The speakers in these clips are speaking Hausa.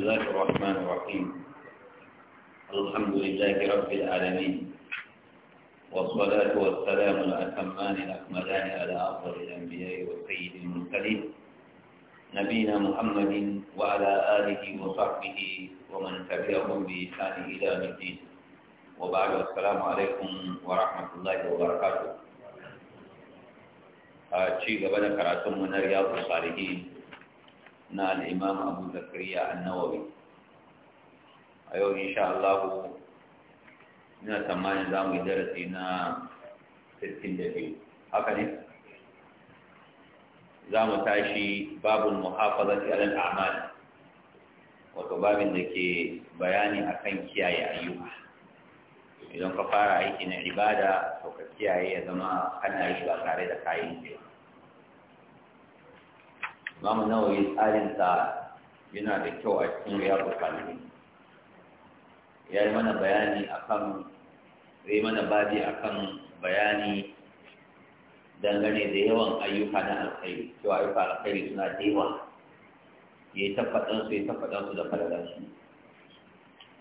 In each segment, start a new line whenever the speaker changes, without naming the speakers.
الله الرحمن الرحيم الحمد لله رب العالمين والصلاة والسلام الأتمان الأكملان على أفضل الأنبياء والسيد المرسلين نبينا محمد وعلى آله وصحبه ومن تبعهم بإحسان إلى الدين وبعد السلام عليكم ورحمة الله وبركاته. آه، شيء قبل كراتم من رياض الصالحين na al'imam abu zakariya annawari a yau insha Allah ina tsammanin za mu yi darasi na 62 haka ne za mu tashi muhafaza muhafazati alal a'mal wato babin da ke bayani akan kiyaye ayyuka idan ka fara aiki na ibada to ka kiyaye ya zama kana yi ba tare da kayan jiya imamu nawawi tsarinsa yana da kyau a cikin ya bukali ya yi mana bayani akan ya yi mana babi akan bayani dangane da yawan ayyuka na alkhairi cewa ayyuka alkhairi suna da yawa ya yi tabbatansu ya tabbatansu da falalansu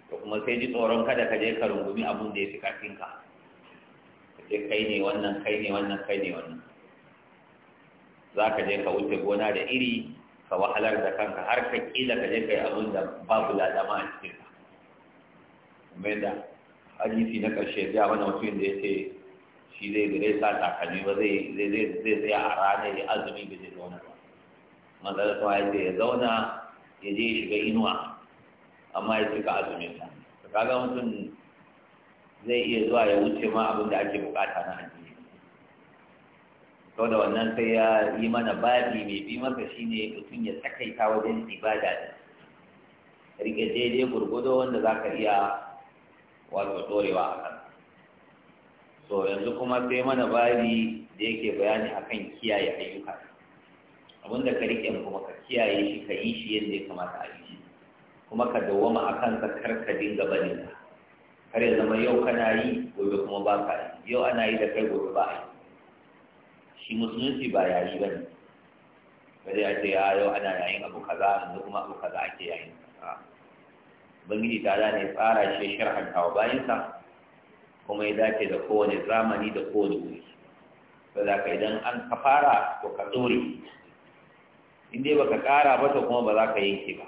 to kuma sai ji tsoron kada ka je ka rungumi abin da ya fi karfinka ka ce kai ne wannan kai ne wannan kai ne wannan za ka je ka wuce gona da iri ka wahalar da kanka har ka kila ka je ka yi abin da babu ladama a cikin ka kuma yadda hadisi na ƙarshe ya wani mutum da ya ce shi zai gare sa takalmi ba zai zai tsaya a ranar ya azumi da zai zauna ba ya ce ya zauna ya je ya shiga inuwa amma ya cika azumin sa kaga mutum zai iya zuwa ya wuce ma abin da ake bukata na addini to da wannan sai ya yi mana babi mai bi masa shine mutum ya takaita wajen ibada da rike daidai gurgudo wanda za ka iya wato ɗorewa a kan so yanzu kuma sai mana babi da yake bayani akan kiyaye ayyuka abinda ka rike kuma ka kiyaye shi ka yi shi yadda ya kamata a yi shi kuma ka dawwama a kansa kar ka dinga barin kar ya zama yau kana yi gobe kuma ba ka yi yau ana yi da kai gobe ba a yi shi musulunci ba yayi ba ne ba zai ake ya ah, yau ana yayin abu kaza yanzu kuma abu kaza ake yayin ubangiji ta da ne tsara shi sharhanta wa bayansa kuma ya dace da kowane zamani da kowane wuri ba za ka idan an ka fara ko ka dore in dai baka kara ba to kuma ba za ka yanke ba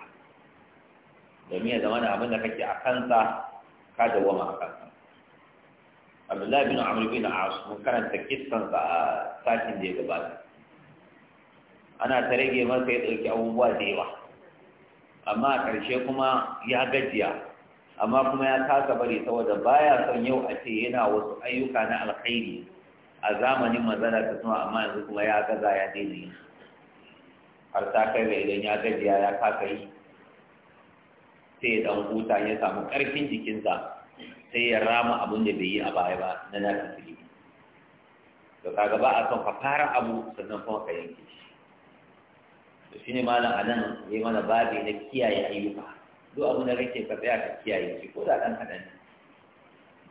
domin ya zama da abin da kake a kansa ka dawwama a kansa abdullahi bin amr bin as mun karanta kissan sa a satin da ya gabata ana ta rage masa ya dauki abubuwa da yawa amma a ƙarshe kuma ya gajiya amma kuma ya kasa bari saboda baya son yau a ce yana wasu ayyuka na alkhairi a zamanin mazana ta suna amma yanzu kuma ya gaza ya daina har ta kai ga idan ya gajiya ya kasa yi sai ya dan huta ya samu ƙarfin jikinsa sai ya rama abin da bai yi a baya ba na nafin fili to kaga ba a son ka fara abu sannan kuma ka yanke shi to ne malam ya yi mana babi na kiyaye ayyuka duk abin da kake ka tsaya ka kiyaye shi ko da ɗan kaɗan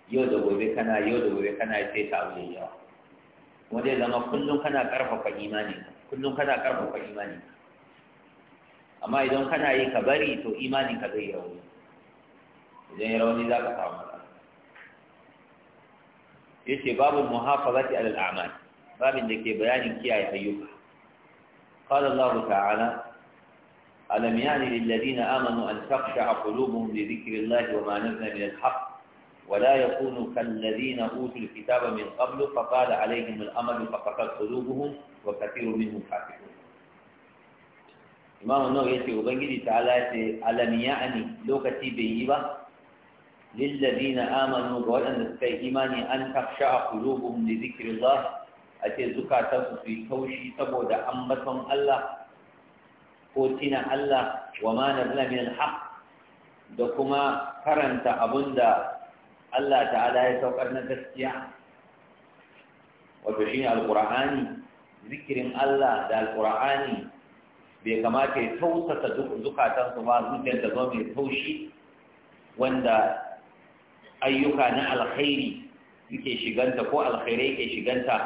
yau da gobe kana yau da gobe kana sai ta abu yawa kuma zai zama kullum kana ƙarfafa imani kullum kana ƙarfafa imani amma idan kana yi ka bari to imani ka zai rauni idan ya rauni za ka samu yace babu muhafazati alal a'mal babin da ke bayanin kiyaye ayyuka qala allah ta'ala alam ya'ni lil ladina amanu an taqsha qulubuhum li dhikri wa ma nazala al haqq wa la yakunu kal ladina utul kitaba min qabl fa qala alayhim al amal fa qatat qulubuhum wa kathirun minhum fasiqun imam an-nawawi yace ubangiji ta'ala yace alam ya'ni lokaci bai yi ba للذين آمنوا وأن سكي إيماني أن تخشع قلوبهم لذكر الله أتي زكاة في توشي سبود أمتهم الله قوتنا الله وما نزل من الحق دكما كرنت أبندا الله تعالى يتوقعنا تسكيع وتشين القرآن ذكر الله ذا القرآن بكما كي توسط زكاة سباد زكاة زكاة توشي wanda ayyuka na alkhairi yake shiganta ko alkhairai yake shiganta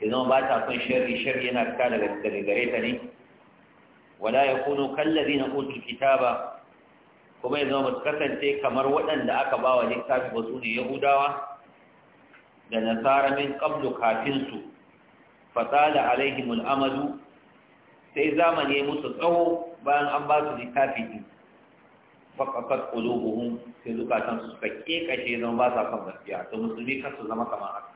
ya zama ba ta son sharri sharri yana fita daga daga gare ta ne wala yakunu kallazina utul kitaba kuma ya zama kasance kamar waɗanda aka ba wa littafi wasu ne yahudawa da nasara min qablu kafin su fatala alaihimul amadu sai zamani ya musu tsawo bayan an ba su littafi din faqaqat qulubuhum sai zukatan su suka kekace zan ba sa kan gaskiya to musulmi kan su zama kamar haka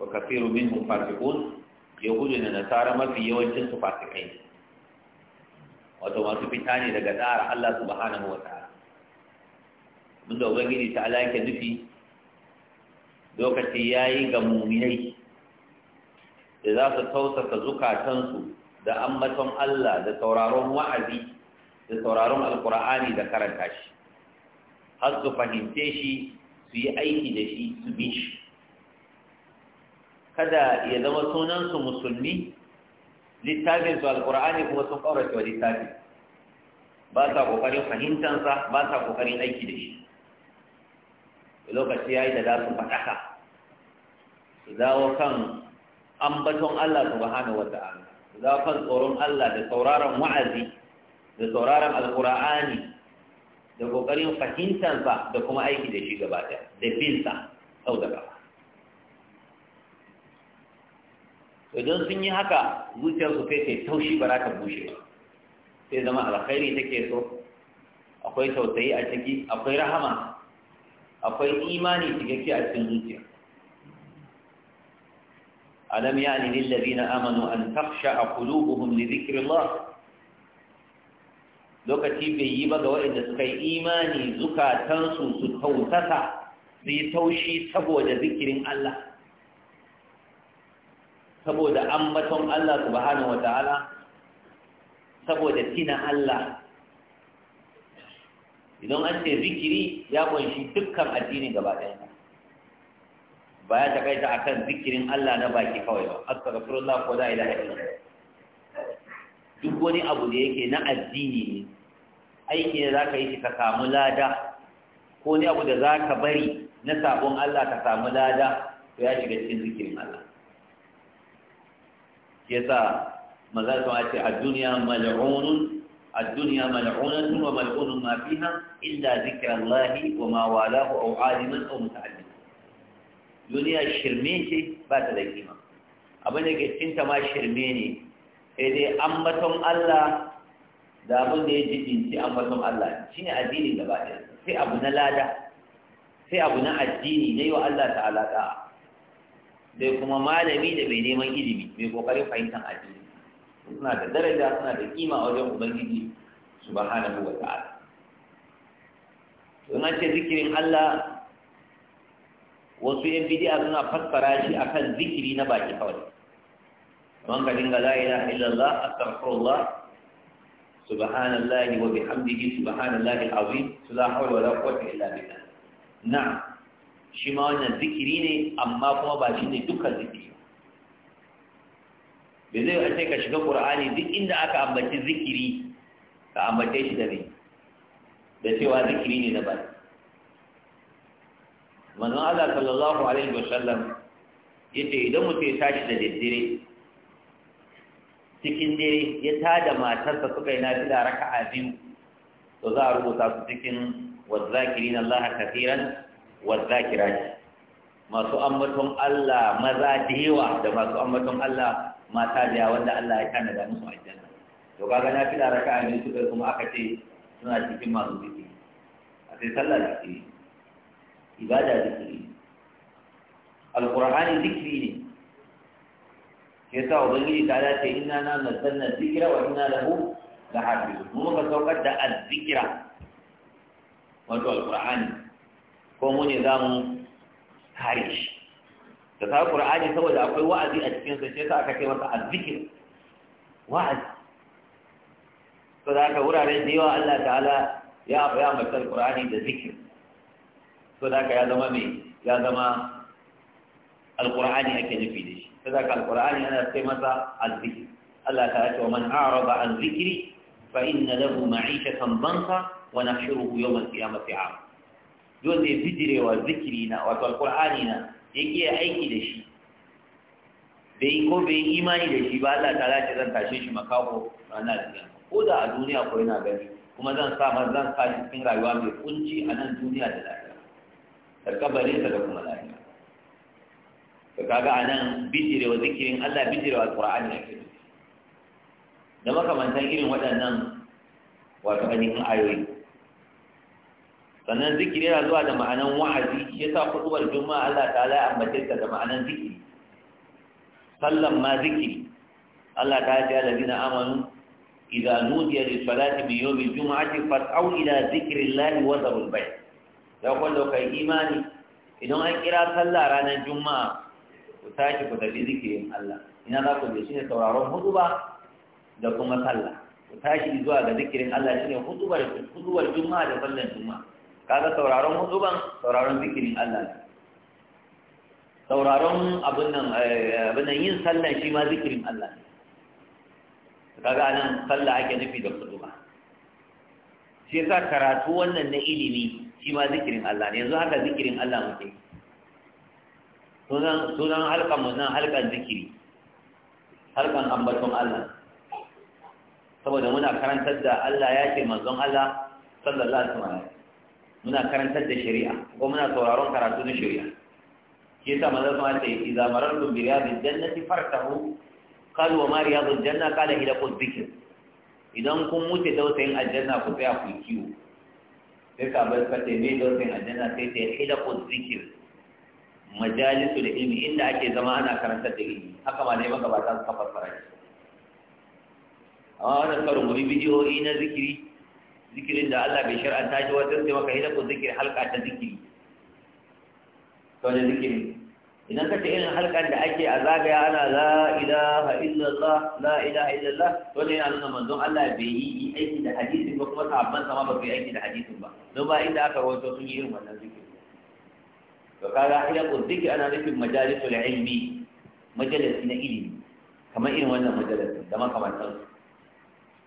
wa kathiru minhum fasiqun yahudu da nasara mafi yawancin su fasikai wato masu fita ne daga tsara Allah subhanahu wa ta'ala mun da ubangiji ta Allah yake nufi lokaci yayi ga mu'minai da za su tausasa zukatansu da ambaton Allah da sauraron wa'azi da sauraron alkur'ani da karanta shi har su fahimce shi su yi aiki da shi su bi shi kada ya zama sunansu musulmi littafin su alkur'ani kuma sun ƙaurace wa littafin ba sa ƙoƙarin fahimtansa ba sa ƙoƙarin aiki da shi lokaci ya yi da za su faɗaka su dawo kan ambaton Allah subhanahu wa ta'ala su dawo kan tsoron Allah da sauraron wa'azi da sauraron alkur'ani da kokarin fahimtansa da kuma aiki da shi gaba ɗaya da binsa sau da gaba idan sun yi haka zuciyarsu kai kai taushi ba za ka bushe ba sai zama alkhairi take so akwai tausayi a ciki akwai rahama akwai imani cikakke a cikin zuciya alam yani lil ladina amanu an takhsha qulubuhum li dhikrillah lokaci bai yi ba ga waɗanda suka yi imani zukatansu su tautasa su yi taushi saboda zikirin Allah saboda ambaton Allah subhanahu wata'ala saboda tina Allah idan an ce zikiri ya kunshi dukkan addini gaba ɗaya ba ya a akan zikirin Allah na baki kawai ba astaghfirullah ko za a yi da illallah duk wani abu da yake na addini ne aiki ne za ka yi shi ka samu lada ko wani abu da za ka bari na sabon Allah ka samu lada to ya shiga cikin zikirin Allah yasa maza su a ce a duniya mal'unun a duniya mal'unatun wa mal'unun ma fiha illa lahi wa ma walahu au aliman mu muta'allim duniya shirme ce ba ta da kima abin da ke cinta ma shirme ne sai dai ambaton Allah da abin da ya jibinci ambaton Allah shine addini ba ɗaya sai abu na lada sai abu na addini na yi wa Allah ta'ala da'a dai kuma malami da bai neman ilimi mai kokarin fahimtar addini suna da daraja suna da kima wajen ubangiji subhanahu wa ta'ala don ce zikirin Allah wasu yan bidiya suna fassara shi akan zikiri na baki kawai don ka dinga la ilaha illallah astaghfirullah subhanallahi wa bihamdihi subhanallahi alazim la hawla wala quwwata illa billah na'am shi ma wannan zikiri ne amma kuma ba shi ne dukkan zikiri ba zai ce ka shiga qur'ani duk inda aka ambaci zikiri ka ambace shi da ne da cewa zikiri ne na ba manzon Allah sallallahu alaihi wa wasallam yace idan mutum ya tashi da daddare cikin dare ya tada matarsa suka yi nafila raka'a biyu to za a rubuta su cikin wazzakirina Allah kafiran wazzakirati masu ambaton Allah maza da yawa da masu ambaton Allah mata da yawa wanda Allah ya tanada musu aljanna to kaga nafila raka'a biyu suka kuma aka ce suna cikin masu biki a sai sallah zikiri ibada zikiri alkur'ani zikiri ne Yasa sa ubangiji ta dace inna na nazzalna zikira wa ina lahu lahafiz mu muka saukar da azzikira wato alqur'ani ko mu ne zamu kare shi da ta qur'ani saboda akwai wa'azi a cikin sa sai sa aka kai masa azzikir wa'azi to da ka wurare da yawa Allah ta'ala ya ya ambata alqur'ani da zikir to da ka ya zama mai ya zama alqur'ani ake nufi da Kazaka zaka yana sai masa azzikri Allah ta ce wa man araba an zikri fa inna lahu kan banka wa nahshuruhu yawm qiyamati a'ma duk wanda ya bijirewa zikiri na wato Alƙur'ani na ya aiki da shi bai ko bai imani da shi ba Allah ta ce zan tashe shi makaho ranar alƙiyama ko da a duniya ko yana gani kuma zan sa ma zan sa shi cikin rayuwa mai kunci a nan duniya da lafiya da da kuma lafiya to kaga anan bijire wa zikirin Allah bijire wa Qur'ani ake da makamantan irin waɗannan wato ainihin ayoyi sannan zikiri yana zuwa da ma'anan wa'azi ya sa kutubar juma'a Allah ta ya ambace ta da ma'anan zikiri sallan ma zikiri Allah ta ce alladina amanu idza nudiya lis salati min yawm al jum'ati fas'au ila zikrillahi wa dharul bay' da kun da kai imani idan an kira sallah ranar juma'a ku tashi ku tafi zikirin Allah ina za ku je shi ne sauraron hutuba da kuma sallah ku tashi zuwa ga zikirin Allah shi ne hutubar juma'a da sallar juma'a kaga sauraron hutuban sauraron zikirin Allah ne sauraron abin nan eh, abin nan yin sallah shi ma zikirin Allah ne kaga anan sallah ake nufi da hutuba shi yasa karatu wannan na ilimi shi ma zikirin Allah ne yanzu haka zikirin Allah muke sunan halkan mu nan halkan zikiri halkan ambaton Allah saboda muna karantar da Allah ya ce manzon Allah sallallahu alaihi wasallam muna karantar da shari'a ko muna sauraron karatu na shari'a shi yasa manzon Allah ce idza marartum bi riyadil jannati fartahu qalu wa ma riyadul janna qala hiya qul dhikr idan kun mutu dausayin aljanna ku tsaya ku kiwo sai ka bar ka ce dausayin aljanna sai ta hiya qul dhikr majalisu da ilmi inda ake zama ana karantar da ilmi haka ma ne magabata ta kafa shi amma wannan karin mu bidiyoyi na zikiri zikirin da Allah bai shar'anta shi wata sai maka hina ko zikiri halka ta zikiri to ne zikiri idan ka ce irin halkan da ake a zagaya ana la ilaha illallah la ilaha illallah to ne yana nuna manzon Allah bai yi aiki da hadisin ba kuma sahabban sama ba bai aiki da hadisin ba don ba inda aka rawaito sun yi irin wannan zikiri to kaga hilaqul dhikri ana nufin majalisul ilmi majalisi na ilimi kamar irin wannan majalisi da makamantansu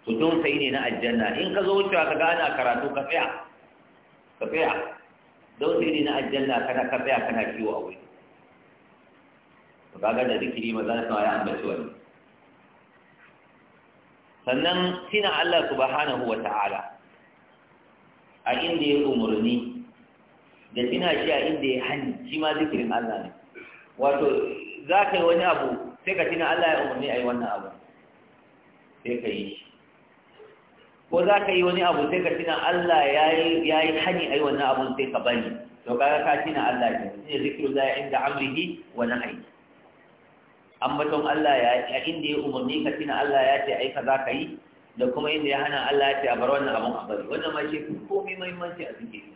to don sai ne na aljanna in ka zo wucewa ka gana karatu ka tsaya ka tsaya don sai ne na aljanna kana ka tsaya kana kiwo a wuri to kaga da zikiri maza na sama ya ambaci wani sannan sina Allah subhanahu wa ta'ala a inda ya umurni da tuna shi a inda ya hani shi ma zikirin Allah ne wato za ka yi wani abu sai ka tina Allah ya umarni a yi wannan abu sai ka yi shi ko za ka yi wani abu sai ka tina Allah ya yi hani a yi wannan abu sai ka bari to kaga ka tina Allah ne shine zikirin Allah inda amrihi wa an baton Allah ya a inda ya umarni ka tina Allah ya ce aika za ka yi da kuma inda ya hana Allah ya ce a bar wannan abun a bari wannan ma shi komai mahimmanci a zikirin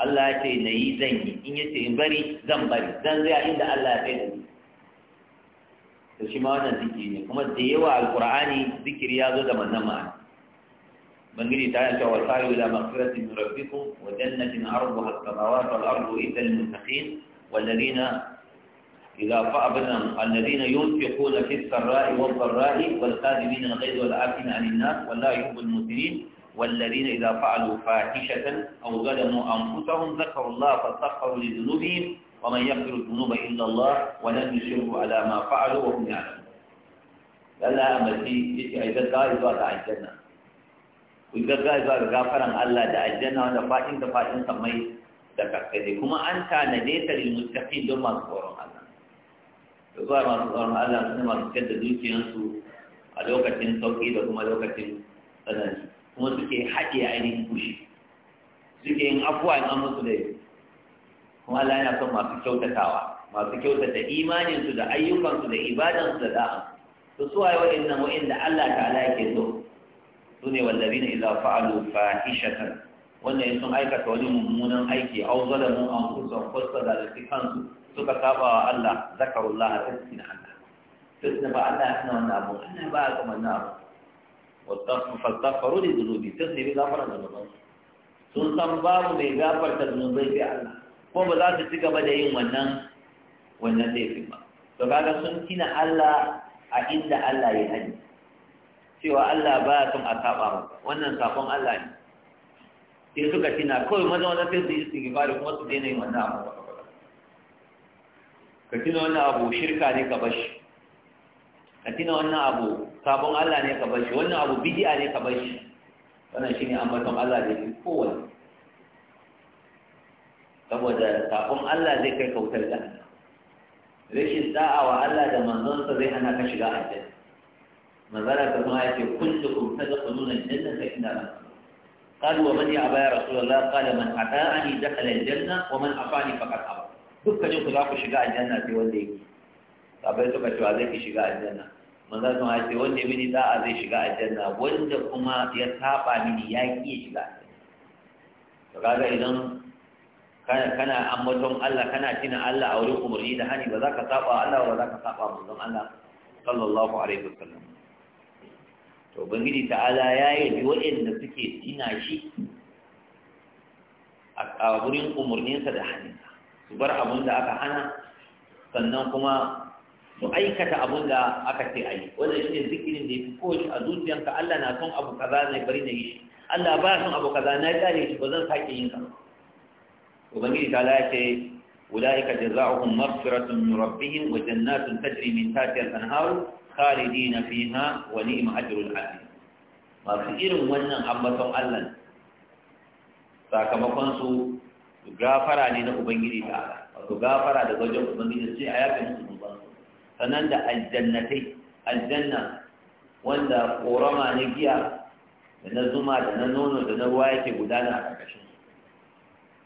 Allah ya ce na yi zan yi in ya ce in bari zan bari zan zai inda Allah ya kai da ni to shi ma wannan zikiri ne kuma da yawa alqur'ani zikiri ya zo da wannan ma'ana bangiji ta ce wa sa'i ila maghfirati min rabbikum wa jannatin arduha as-samawati wal ardu idda lil muttaqin wal ladina إذا فأبنا الذين ينفقون في السراء والضراء والكاذبين الغيظ والعافين عن الناس ولا يحب المسلمين والذين إذا فعلوا فاحشة أو ظلموا أنفسهم ذكروا الله فاستغفروا لذنوبهم ومن يغفر الذنوب إلا الله ولم يشركوا على ما فعلوا وهم يعلمون لله أمتي يتي أي غدغا إذا دعا الجنة وإذا قال إذا غفرا الله دعا الجنة وأنا فاتن تفاتن سمي تكتدي كما أنت نديت للمتقين دون ما تقولون الله يقول ما تقولون الله سنما تكتد دوكي أنسو a lokacin sauƙi da kuma lokacin kuma suke haɗe ainihin kushi, suke yin afuwa in amma su da kuma Allah yana son masu kyautatawa masu kyautata imaninsu da ayyukansu da ibadansu da da'a to su waye waɗannan waɗanda Allah ta'ala yake so su ne wallazina idza fa'alu fahishatan wannan in sun aikata wani mummunan aiki aw zalamu anfusahum fasada da kansu suka saba wa Allah zakarullah tasbihana Allah tasbihana Allah yana wannan abu Allah ba kamar na abu fastaghfaru nemi sun san babu mai gafarta zunubai sai Allah ko ba za su ci gaba da yin wannan wannan laifin ba to sun Allah a inda Allah ya Allah son a saba wannan sakon Allah ne kawai kuma su daina ka wannan abu shirka ne ka bashi ka wannan abu sabon Allah ne ka bar shi wannan abu bid'a ne ka bar shi wannan shine ambaton Allah da yake kowanne saboda sabon Allah zai kai kautar da rashin da'a wa Allah da manzonsa zai hana ka shiga aljanna manzara ta kuma yake kullukum tadkhuluna aljannata illa man قالوا ومن يأبى يا رسول الله قال من أطاعني دخل الجنة ومن أطاعني فقد أبى دكا جنك ذاك شقاء الجنة في ولدي فأبيتك شو هذيك الجنة manzo sun ce wanda mini a zai shiga aljanna wanda kuma ya saba mini ya ki shiga to kaga idan kana ambaton Allah kana tina Allah a wurin umarni da hani ba za ka saba Allah ba za ka saba manzon Allah sallallahu alaihi wasallam to bangiji ta'ala ya yi yabi waɗanda suke tina shi a wurin umarninsa da haninsa su bar abin da aka hana sannan kuma su aikata abun da aka ce a yi wanda shi ne zikirin da ya fi kowace a zuciyanka Allah na son abu kaza na bari na yi shi Allah ba son abu kaza na kyale shi ba zan sake yin ka ubangiji ta la ce ulaika jazaohum maghfiratun min rabbihim wa jannatun tajri min tahtiha al-anhar khalidina fiha wa ni'ma ajrul azim masu irin wannan ambaton Allah sakamakon su gafara ne na ubangiji ta wato gafara da gwajin ubangiji sai a yafe musu su. sannan da aljannatai aljanna wanda korama na giya da na zuma da na nono da na ruwa yake gudana a ƙarƙashin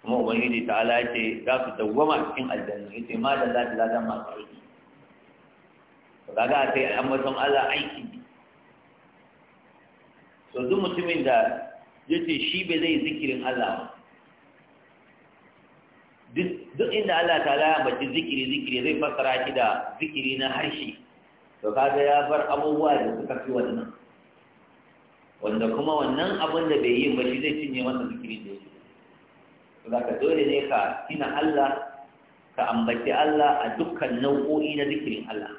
kuma ubangiji ta ala ce za su dawwama cikin aljanna ya ce ma da za ta lada masu aiki kaga a sai an mutum allah aiki so duk mutumin da ya ce shi bai zai zikirin allah ba duk inda Allah ta'ala ya ambaci zikiri zikiri zai fassara shi da zikiri na harshe to kaga ya bar abubuwa da suka fi wannan wanda kuma wannan abin da bai yi ba shi zai cinye masa zikiri da yake to zaka dole ne ka tina Allah ka ambaci Allah a dukkan nau'o'i na zikirin Allah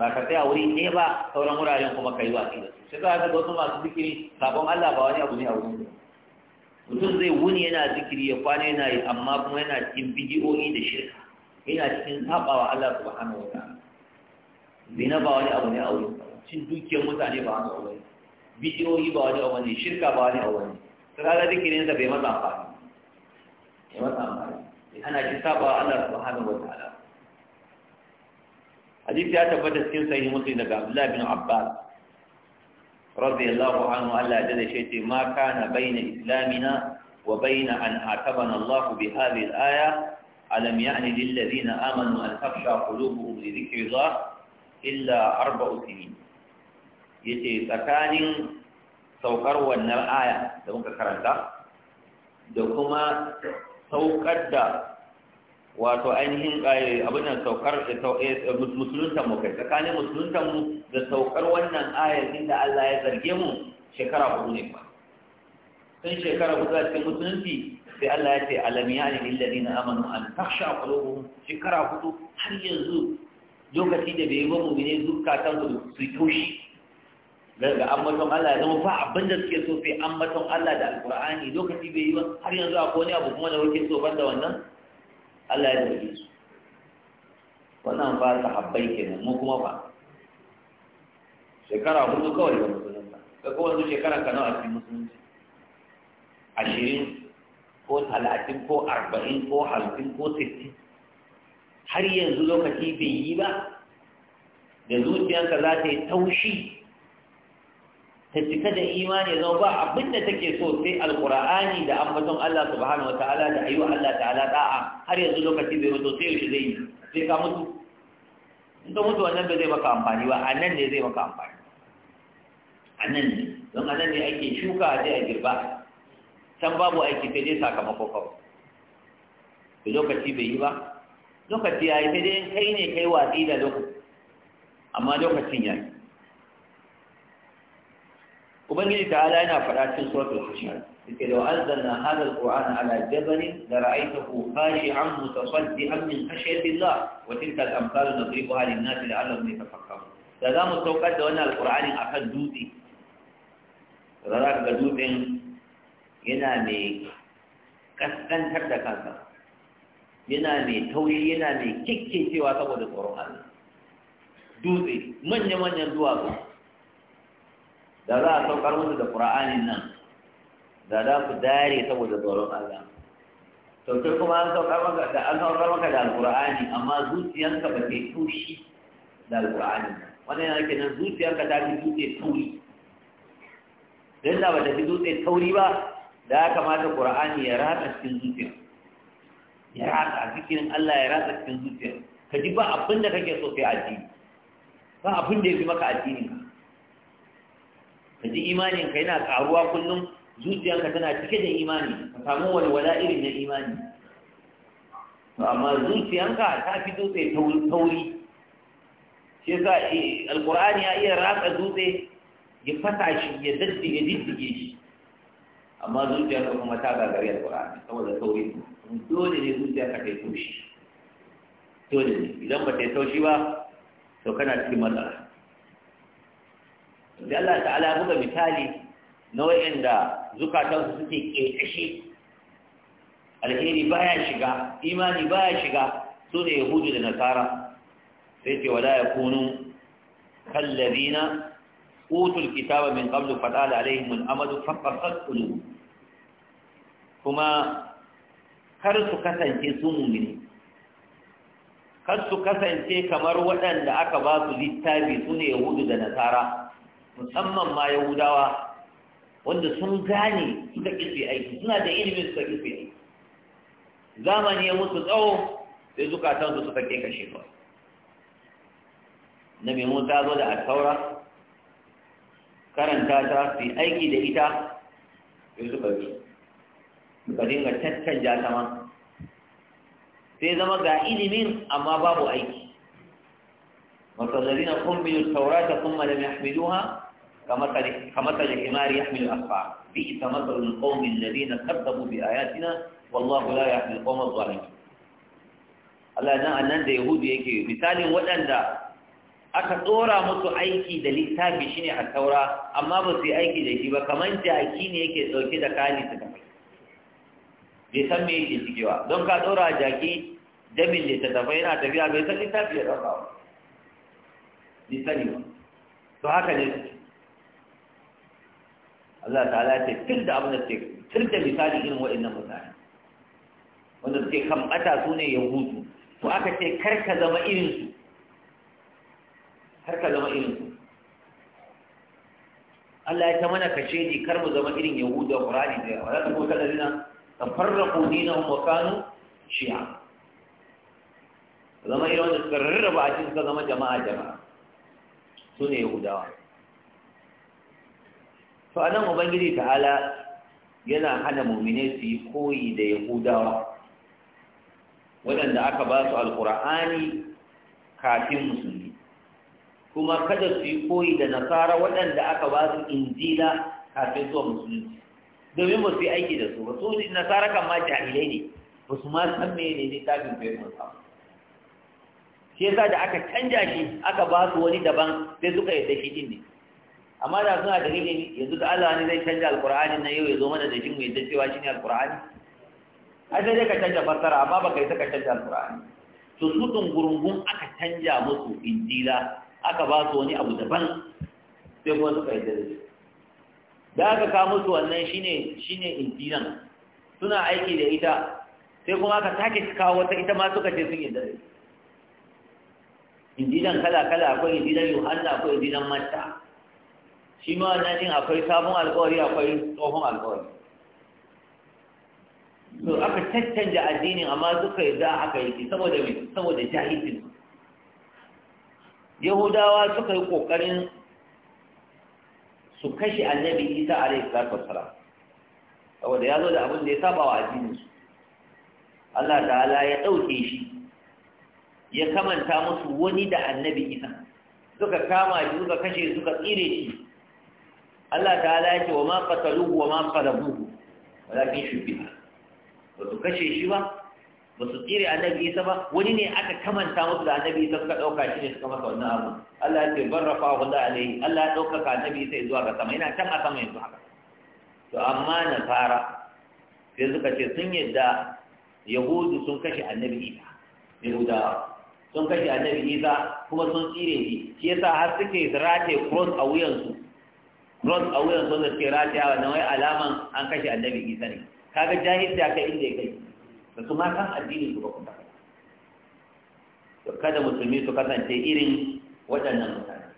ba ka tsaya wuri ne ba sauran wuraren kuma ka yi shi da su sai za ka ga wasu masu zikiri sabon Allah ba wani abu ne a wurin mutum zai wuni yana zikiri ya kwana yana yi amma kuma yana cikin bidiyoyi da shirka yana cikin sabawa Allah subhanahu wa ta'ala zina ba wani abu ne a wurin cin dukiyar mutane ba wani abu ne bidiyoyi ba wani abu ne shirka ba wani abu ne kaga zikirin sa bai masa amfani bai masa amfani ana ci sabawa Allah subhanahu wa ta'ala hadisi ya tabbata cikin sahihin muslim daga Abdullah bin Abbas radiyallahu anhu Allah dada shi ce ma kana baina islamina wa baina an atabana Allah bi hadhihi al-aya alam ya'ni lil ladina amanu an tafsha qulubuhum li dhikri Allah illa arba'u sinin yace tsakanin saukar wannan aya da muka karanta da kuma sauƙar da wato ainihin eh, abin nan saukar eh, musuluntan mu kai tsakanin musuluntan mu da saukar wannan ayar inda Allah ya zarge mu shekara hudu ne ba Tun shekara hudu a cikin musulunci sai Allah ya ce alam ya ne lillazi na amanu an taksha qulubuhum shekara hudu har yanzu lokaci da bai yi ba mu'mine zukatan su su taushi ga ambaton Allah ya zama fa abin da suke so sai ambaton Allah da alqur'ani lokaci bai yi ba har yanzu akwai wani abu kuma da kake so da wannan Allah ya zargi su wannan ba sahabbai kenan mu kuma ba shekara hudu kawai ba musulun ba ga wanzu shekara ka nawa cikin musulunci ashirin ko talatin ko arba'in ko hamsin ko sittin har yanzu lokaci bai yi ba da zuciyanka za ta yi taushi ta cika da imani zama ba abin da take so sai alkur'ani da ambaton Allah subhanahu wataala da ayyuka Allah ta'ala da'a har yanzu lokaci bai mutu sai yaushe zai yi sai ka mutu in ka mutu wannan bai zai maka amfani ba a nan ne zai maka amfani a nan ne don a nan ne ake shuka sai a girba can babu aiki sai dai sakamako kawai lokaci bai yi ba lokaci ya yi sai dai kai ne kai watsi da lokaci amma lokacin ya yi ubangiji ta'ala yana faɗa cikin suratul hashir yake da anzalna hadha alqur'ana ala jabalin la ra'aytahu khashi'an mutasaddian min khashyati Allah wa tilka al-amsalu nadribuha lin-nas la'allahum yatafakkarun da za mu saukar da wannan alqur'ani akan dutse da za ga dutsen yana mai kaskantar da kansa yana mai tauri yana mai cewa saboda tsoron Allah dutse manya-manyan duwatsu da za a saukar musu da ƙura'anin nan da za ku dare saboda tsoron Allah to kai kuma an saukar maka da an saukar maka da alqur'ani amma zuciyanka ba ta tushi da alqur'ani wannan yana nan zuciyanka ta fi dutse tauri dan da ba ta fi dutse tauri ba da ya kamata ƙura'ani ya ratsa cikin zuciya ya ratsa a cikin Allah ya ratsa cikin zuciya ka ji ba abin da kake so sai addini ba abin da ya fi maka addini ka yanzu imanin ka yana karuwa kullum zuciyarka tana cike da imani ka samu walwala irin na imani to amma zuciyanka ta fi sai tauri shi yasa eh, alqur'ani ya iya ratsa dutse ya fata shi ya daddige diddige shi amma zuciyarka kuma ta gagari alqur'ani saboda tauri dole ne zuciyarka ta yi taushi dole ne idan ba ta yi taushi ba to kana cikin matsala da Allah ta'ala buga misali na wa'anda zukatansu suke ƙeƙashe alheri baya shiga imani baya shiga su ne yahudu da nasara sai ce wala kan kallazina utul kitaba min qablu fatala alaihim al-amadu faqasat qulub kuma kar su kasance su mu'mini kar su kasance kamar waɗanda aka ba su littafi su ne yahudu da nasara musamman ma yahudawa wanda sun gane suka kife aiki suna da ilimin suka kife aiki zamani ya mutu tsawo sai zukatansu suka ke kashe ba
na mai mota zo da alkaura
karanta ta yi aiki da ita sai suka bi suka dinga tattanja ta ma sai zama ga ilimin amma babu aiki وكالذين taurata kuma da mai hamiluwa كمثل كمثل الحمار يحمل الأسفار بئس مثل القوم الذين كذبوا بآياتنا والله لا يحمل القوم الظالمين Allah nan annan da Yahudu yake misalin waɗanda aka tsora musu aiki da littafi shine al-Taura amma ba su yi aiki da shi ba kamar jaki ne yake dauke da kani su tafi bai san me yake cikewa don ka tsora jaki damin littattafai yana tafiya bai san littafi ya ɗauka ba bai ba to haka ne Allah ta'ala ce tir da abin da suke tir da misali irin waɗannan mutane wanda suke kam ata su ne hutu. to aka ce kar ka zama irin su kar ka zama irin su Allah ya ta mana kashe ji kar mu zama irin yahudu da qur'ani da wala ta kuka da dina tafarraqu dinahum wa kanu shi'a zama irin wanda suka rarraba a cikin suka zama jama'a jama'a su ne yahudawa to anan ubangiji ta'ala yana hana mu'mine su yi koyi da yahudawa waɗanda aka ba su alƙur'ani kafin musulmi kuma kada su yi koyi da nasara waɗanda aka ba su injila kafin zuwa musulmi domin ba su yi aiki da su ba su nasara kan ma jahilai ne ba su ma san me ne kafin fiye musamman shi yasa da aka canja shi aka ba su wani daban sai suka da shi din ne amma da suna da ne yanzu da Allah ne zai canja alkur'ani na yau ya zo mana da jin mai dacewa shi ne alkur'ani ai sai dai ka canja fassara amma baka yi saka canja alkur'ani to su dun gurungun aka canja musu injila aka ba su wani abu daban sai kuma suka yi dare da aka ka musu wannan shine shine injilan suna aiki da ita sai kuma aka sake kawo wata ita ma suka ce sun yi dare injilan kala kala akwai injilan yohanna akwai injilan matta shi ma wannan din akwai sabon alƙawari akwai tsohon alƙawari to aka caccanja addinin amma yi za aka yi saboda mai saboda jahilin yahudawa suka yi ƙoƙarin su kashe annabi isa alaihi salatu wassalam saboda ya zo da abin da ya saba wa addinin su Allah ta'ala ya ɗauke shi ya kamanta musu wani da annabi isa suka kama shi suka kashe suka tsire shi Allah ta'ala ya ce wa ma qataluhu wa ma qalabuhu walakin shubiha ba su kashe shi ba ba su tsire annabi Isa ba wani ne aka kamanta musu da annabi Isa suka dauka shi ne suka masa wannan abu Allah ya ce barrafa wa da alai Allah ya dauka ka annabi Isa zuwa ga sama yana can a sama yanzu haka to amma na fara sai suka ce sun yadda yahudu sun kashe annabi Isa yahudawa sun kashe annabi Isa kuma sun tsire shi shi yasa har suke rataye cross a wuyansu rod a wuyan so da suke rataya na wai alaman an kashe annabi isa ne kaga jahilci aka inda ya kai da su ma kan addinin su ba kuma to kada musulmi su kasance irin waɗannan mutane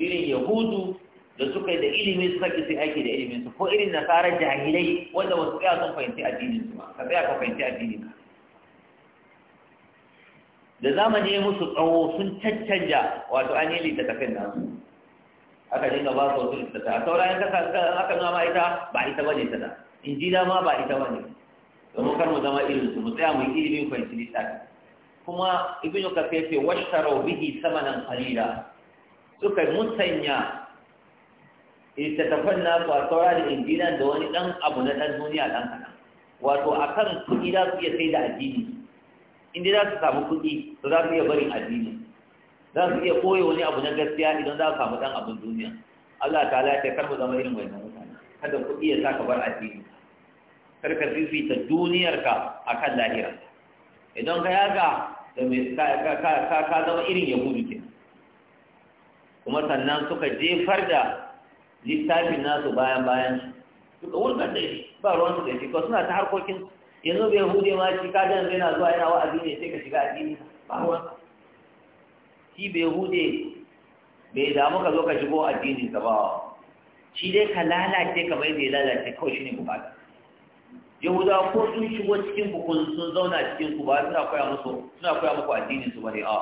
irin yahudu da suka yi da ilimi suka ƙi sai aiki da ilimin su ko irin nasarar jahilai wanda wasu tsaya sun fahimci addinin su ba, ka tsaya ka fahimci addinin ka da zamani ya musu tsawo sun caccanja wato an yi littattafin nasu aka dinga ba su wasu littattafai a saura yanka kasa aka nuna ma ita ba ita bane ta da injila ma ba ita bane domin kar mu zama irin su mu tsaya mu yi ilimin kwanci littafi kuma ibnu kasir ce washtarau bihi samanan halila suka musanya littattafan su a saura da injilan da wani dan abu na dan duniya dan kana wato kan kuɗi za su iya sai da addini inda za su samu kuɗi to za su iya barin addini za su iya koya wani abu na gaskiya idan za su samu dan abin duniya Allah ta ala ta karbu zama irin wannan mutane kada ku iya sa ka bar addini kar ka fifita duniyarka akan lahira idan ka yaga da mai ka ka zama irin yahudu ke kuma sannan suka jefar da littafin nasu bayan bayan suka wurga da shi ba ruwan su da shi ko suna ta harkokin yanzu bai hude ma shi ka jan zai na zuwa yana wa'azi ne sai ka shiga addini ba ruwan shi bai hude bai damu ka zo ka shigo addinin ka ba shi dai ka lalace kamar yadda ya lalace kawai shi ne bukata yahudawa ko sun shigo cikin bukun sun zauna cikin ku ba suna koya musu suna koya muku addinin su bane a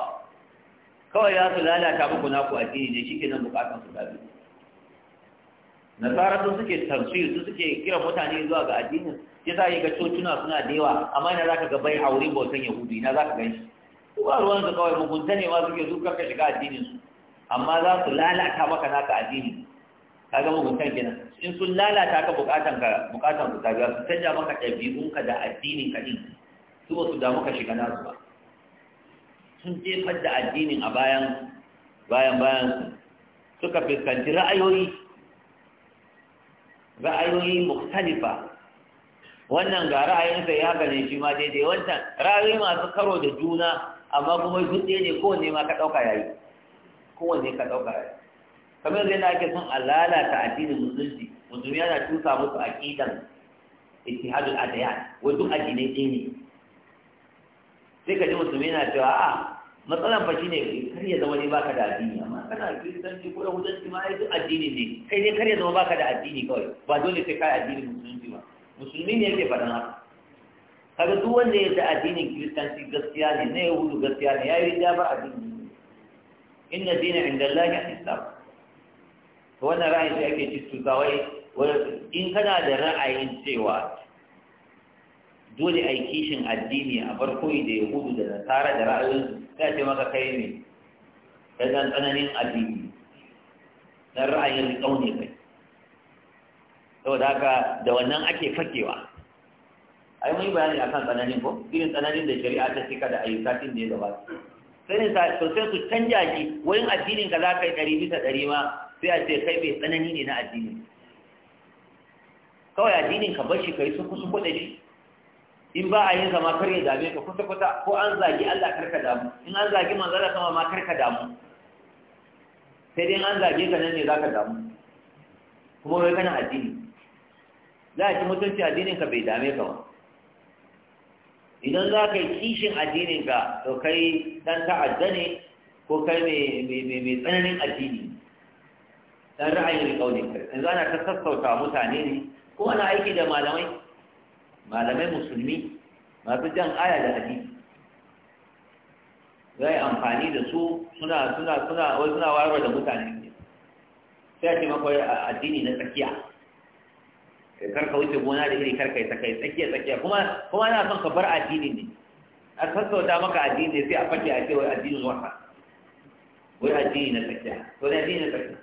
kawai za su lalata muku naku addini ne shi ke nan bukatan su dabi nasara sun suke tafsir su suke kiran mutane zuwa ga addinin ya sa yi ga cocina suna da yawa amma ina za ka ga bai a wurin bautan yahudi ina za ka gan shi ba su kawai mugunta ne ma suke su ka shiga addinin su amma za su lalata maka naka addini ga muguntan kenan in sun lalata ka bukatan ka bukatan su kaga su canja maka ɗabi'un ka da addinin ka din su ba su damu ka shiga nasu ba sun jefar da addinin a bayan bayan bayan su suka fuskanci ra'ayoyi ra'ayoyi mukhtalifa wannan ga ra'ayinsa ya gane shi ma daidai wancan ra'ayoyi masu karo da juna amma kuma duk ɗaya ne kowanne ma ka ɗauka yayi kowanne ka ɗauka yayi kamar yadda yana ake son a lalata addinin musulunci musulmi yana tusa musu a aqidan ittihadul adyan wai duk a ɗaya ne sai ka ji musulmi yana cewa a matsalan fa shine kar ya zama ne baka da addini amma kana kiristanci ko yahudanci ma ai duk addini ne kai ne kar ya zama baka da addini kawai ba dole sai kai addinin musulunci ba musulmi ne yake faɗan haka kaga duk wanda ya ta addinin kiristanci gaskiya ne na yahudu gaskiya ne ya yi rida ba addini inna dina inda Allah ya islam to wannan ra'ayin sai ake ci su kawai in kana da ra'ayin cewa dole a yi kishin addini a farko da yahudu da nasara da ra'ayin sai ce maka kai ne kai dan tsananin addini dan ra'ayin riƙau kai saboda haka da wannan ake fakewa ai mun yi bayani akan tsananin ko irin tsananin da shari'a ta cika da ayyuka din da ya gabata sai ne to sai su canja shi wurin addinin ka za ka yi ɗari bisa ɗari ma sai a ce kai bai tsanani ne na addini kawai addinin ka bashi kai su kusa kuɗa shi in ba a yin zama kar ya dame ka kusa kusa ko an zagi Allah kar ka damu in an zagi manzala sama ma kar ka damu sai dai an zage ka nan ne za ka damu kuma wai kana addini za a ci mutunci addinin ka bai dame ka ba idan za ka yi kishin addininka to kai dan ta'adda ne ko kai mai tsananin addini dan ra'ayin kaunin kai yanzu ana ta sassauta mutane ne ko ana aiki da malamai malamai musulmi masu jan aya da hadisi za yi amfani da su suna suna suna wai suna wayarwa da mutane sai a ce maka addini na tsakiya Eh, kar ka wuce gona da iri kar kai sakai tsakiya tsakiya kuma kuma ana son ka bar addini ne a sassauta maka addini ne sai a fake a ce wai addinin wasa wai addini na tsakiya to ne addini na tsakiya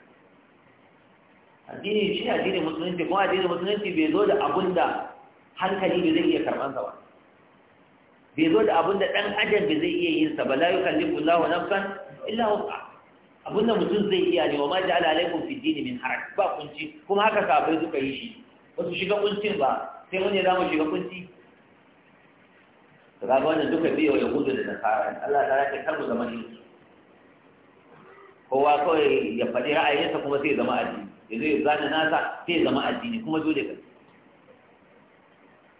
addini shi addini musulunci kuma addini musulunci bai zo da abun da hankali bai zai iya sa ba bai zo da abun da ɗan adam bai zai iya yin sa ba la lawa na kan illa wus'a abun da mutum zai iya ne wa ma ja'ala alaikum fi dini min haraka, ba kunci kuma haka sabai suka yi shi ba su shiga kuncin ba sai mun ne za mu shiga kunci da gaba wannan duka biyo gudu da nasara Allah ta yake karbu zaman yin kowa kawai ya faɗi ra'ayinsa kuma sai zama addini ya zo ya zana nasa sai zama addini kuma dole ka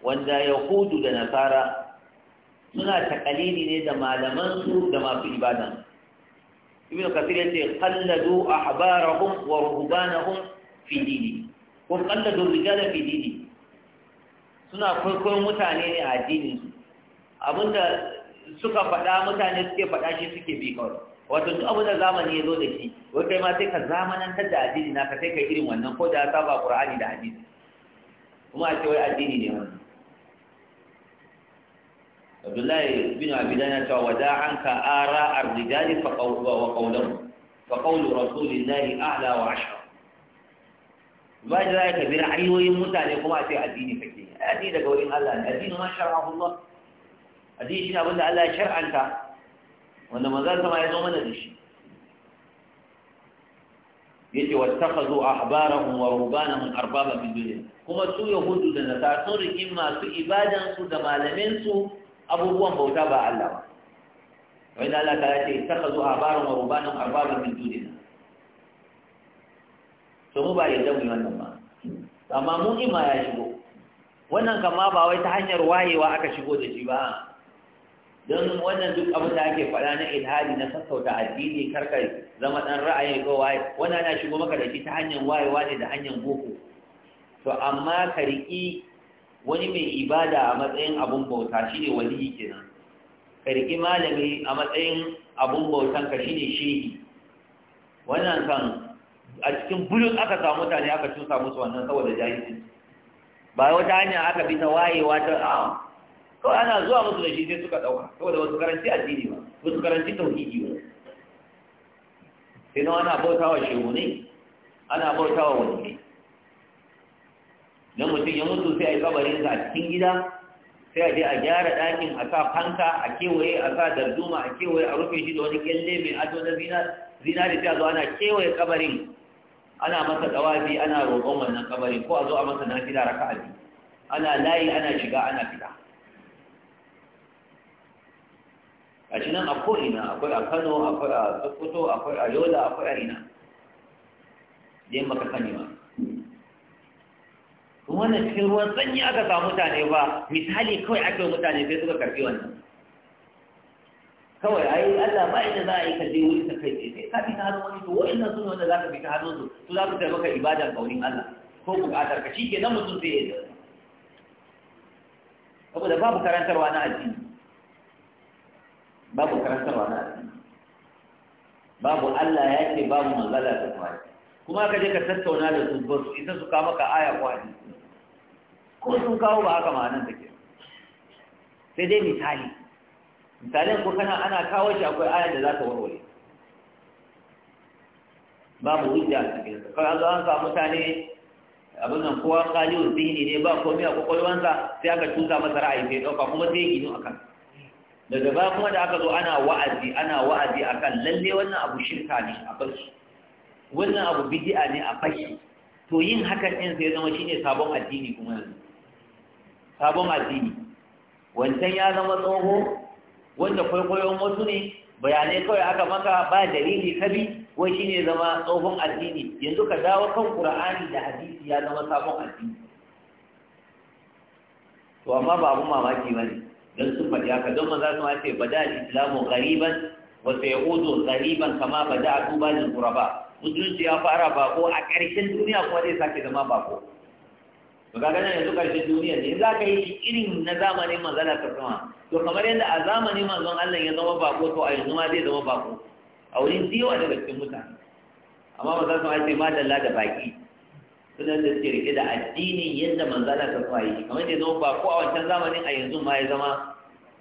wanda yahudu da nasara suna takalili ne da malaman su da masu ibadan Ibn kasir yace qalladu ahbarahum wa ruhbanahum fi dini ko kalladun rijala fi suna kwaikwayon mutane ne a addinin su abinda suka faɗa mutane suke faɗa shi suke bi kawai wato duk abin da zamani ya zo da shi wai kai ma sai ka zamanantar da addini na ka sai ka irin wannan ko da ya saba qur'ani da hadisi kuma a ce wai addini ne wannan abdullahi bin abidan ya ce wada an ka ara arrijali fa qawlu wa qawluhu fa qawlu rasulillahi a'la wa ashra
ba da za ka bi
ra'ayoyin mutane kuma a ce addini kake addini daga wurin Allah ne addini ma shar'a Allah addini shi abin da Allah ya shar'anta wanda manzon sama ya zo mana da shi yace wattakhadhu ahbarahum wa rubanahum arbaba min dunya kuma su yahudu da nasara sun riƙi masu ibadan su da malamin su abubuwan bauta ba Allah ba wanda Allah ta ce ittakhadhu ahbarahum wa rubanahum arbaba min dunya to mu ba yadda mu wannan ba amma mu ima ya shigo wannan kama ba wai ta hanyar wayewa aka shigo da shi ba don wannan duk abin da ake faɗa na ilhali na sassauta addini karka zama ɗan ra'ayin ko waye wannan ana shigo maka da shi ta hanyar wayewa ne da hanyar boko to amma ka riƙi wani mai ibada a matsayin abun bauta shi ne waliyi kenan ka riƙi malami a matsayin abun bautan ka shi ne shehi wannan kan a cikin bulus aka samu mutane aka cusa musu wannan saboda jahilci ba wata hanya aka bi ta wayewa ta a kawai ana zuwa musu da shi sai suka ɗauka saboda wasu karanci addini ba wasu karanci tauhidi ba sai na ana bauta wa shehu ne ana bauta wa wani ne don mutum ya mutu sai a yi sa a cikin gida sai a je a gyara ɗakin a sa fanka a kewaye a sa darduma a kewaye a rufe shi da wani kyalle mai ado na zinari sai a zo ana kewaye kabarin ana masa dawabi ana roƙon wannan kabari ko a zo a masa nafila raka'a biyu ana layi ana shiga ana fita a shi nan akwai ina akwai a kano akwai a sokoto akwai a yola akwai a ina dai maka sani ba kuma wannan cikin ruwan sanyi aka samu mutane ba misali kawai ake mutane sai suka karfi wannan kawai ai Allah ba inda za a yi kaje wurin ta kai sai ka bi ta hannun wani to wa'annan sun wanda za ka bi ta hannun su to za ku kai maka ga kaurin Allah ko buƙatar ka shi ke nan mutum sai ya yi saboda babu karantarwa na addini babu karantarwa na addini babu Allah ya ce babu manzala da kuma kuma ka je ka tattauna da su ba su isa su kawo maka aya ko hadisi ko sun kawo ba haka ma'anar take sai dai misali misalin ko kana ana kawo shi akwai ayar da za ta warware babu hujja a cikin sa kawai an an sa mutane abin nan kowa wa zihini ne ba komai a kwakwalwansa sai aka tusa masa ra'ayi sai ɗauka kuma sai gino a kan daga ba kuma da aka zo ana wa'azi ana wa'azi a kan lalle wannan abu shirka ne a bashi wannan abu bidi'a ne a fashi to yin hakan ɗin sai zama shine sabon addini kuma yanzu sabon addini wancan ya zama tsoho wanda kwaikwayon wasu ne bayanai kawai aka maka ba dalili kabi wai ne zama tsohon addini yanzu ka dawo kan ƙura'ani da hadisi ya zama sabon addini to amma ba abun mamaki ba ne don su faɗi haka don maza su ce ba da islamu ghariban wa sayudu ghariban kama duba ni ƙura ba. musulunci ya fara bako a ƙarshen duniya kuma zai sake zama bako to kaga nan yanzu karshen duniya ne za ka yi shi irin na zamanin manzon Allah sallallahu to kamar yadda a zamanin manzon Allah ya zama bako to a yanzu ma zai zama bako a wurin diwa daga cikin mutane amma ba za su ce ma dalla da baki suna da suke rike da addinin yadda manzon Allah sallallahu yi kamar yadda zama bako a wancan zamanin a yanzu ma ya zama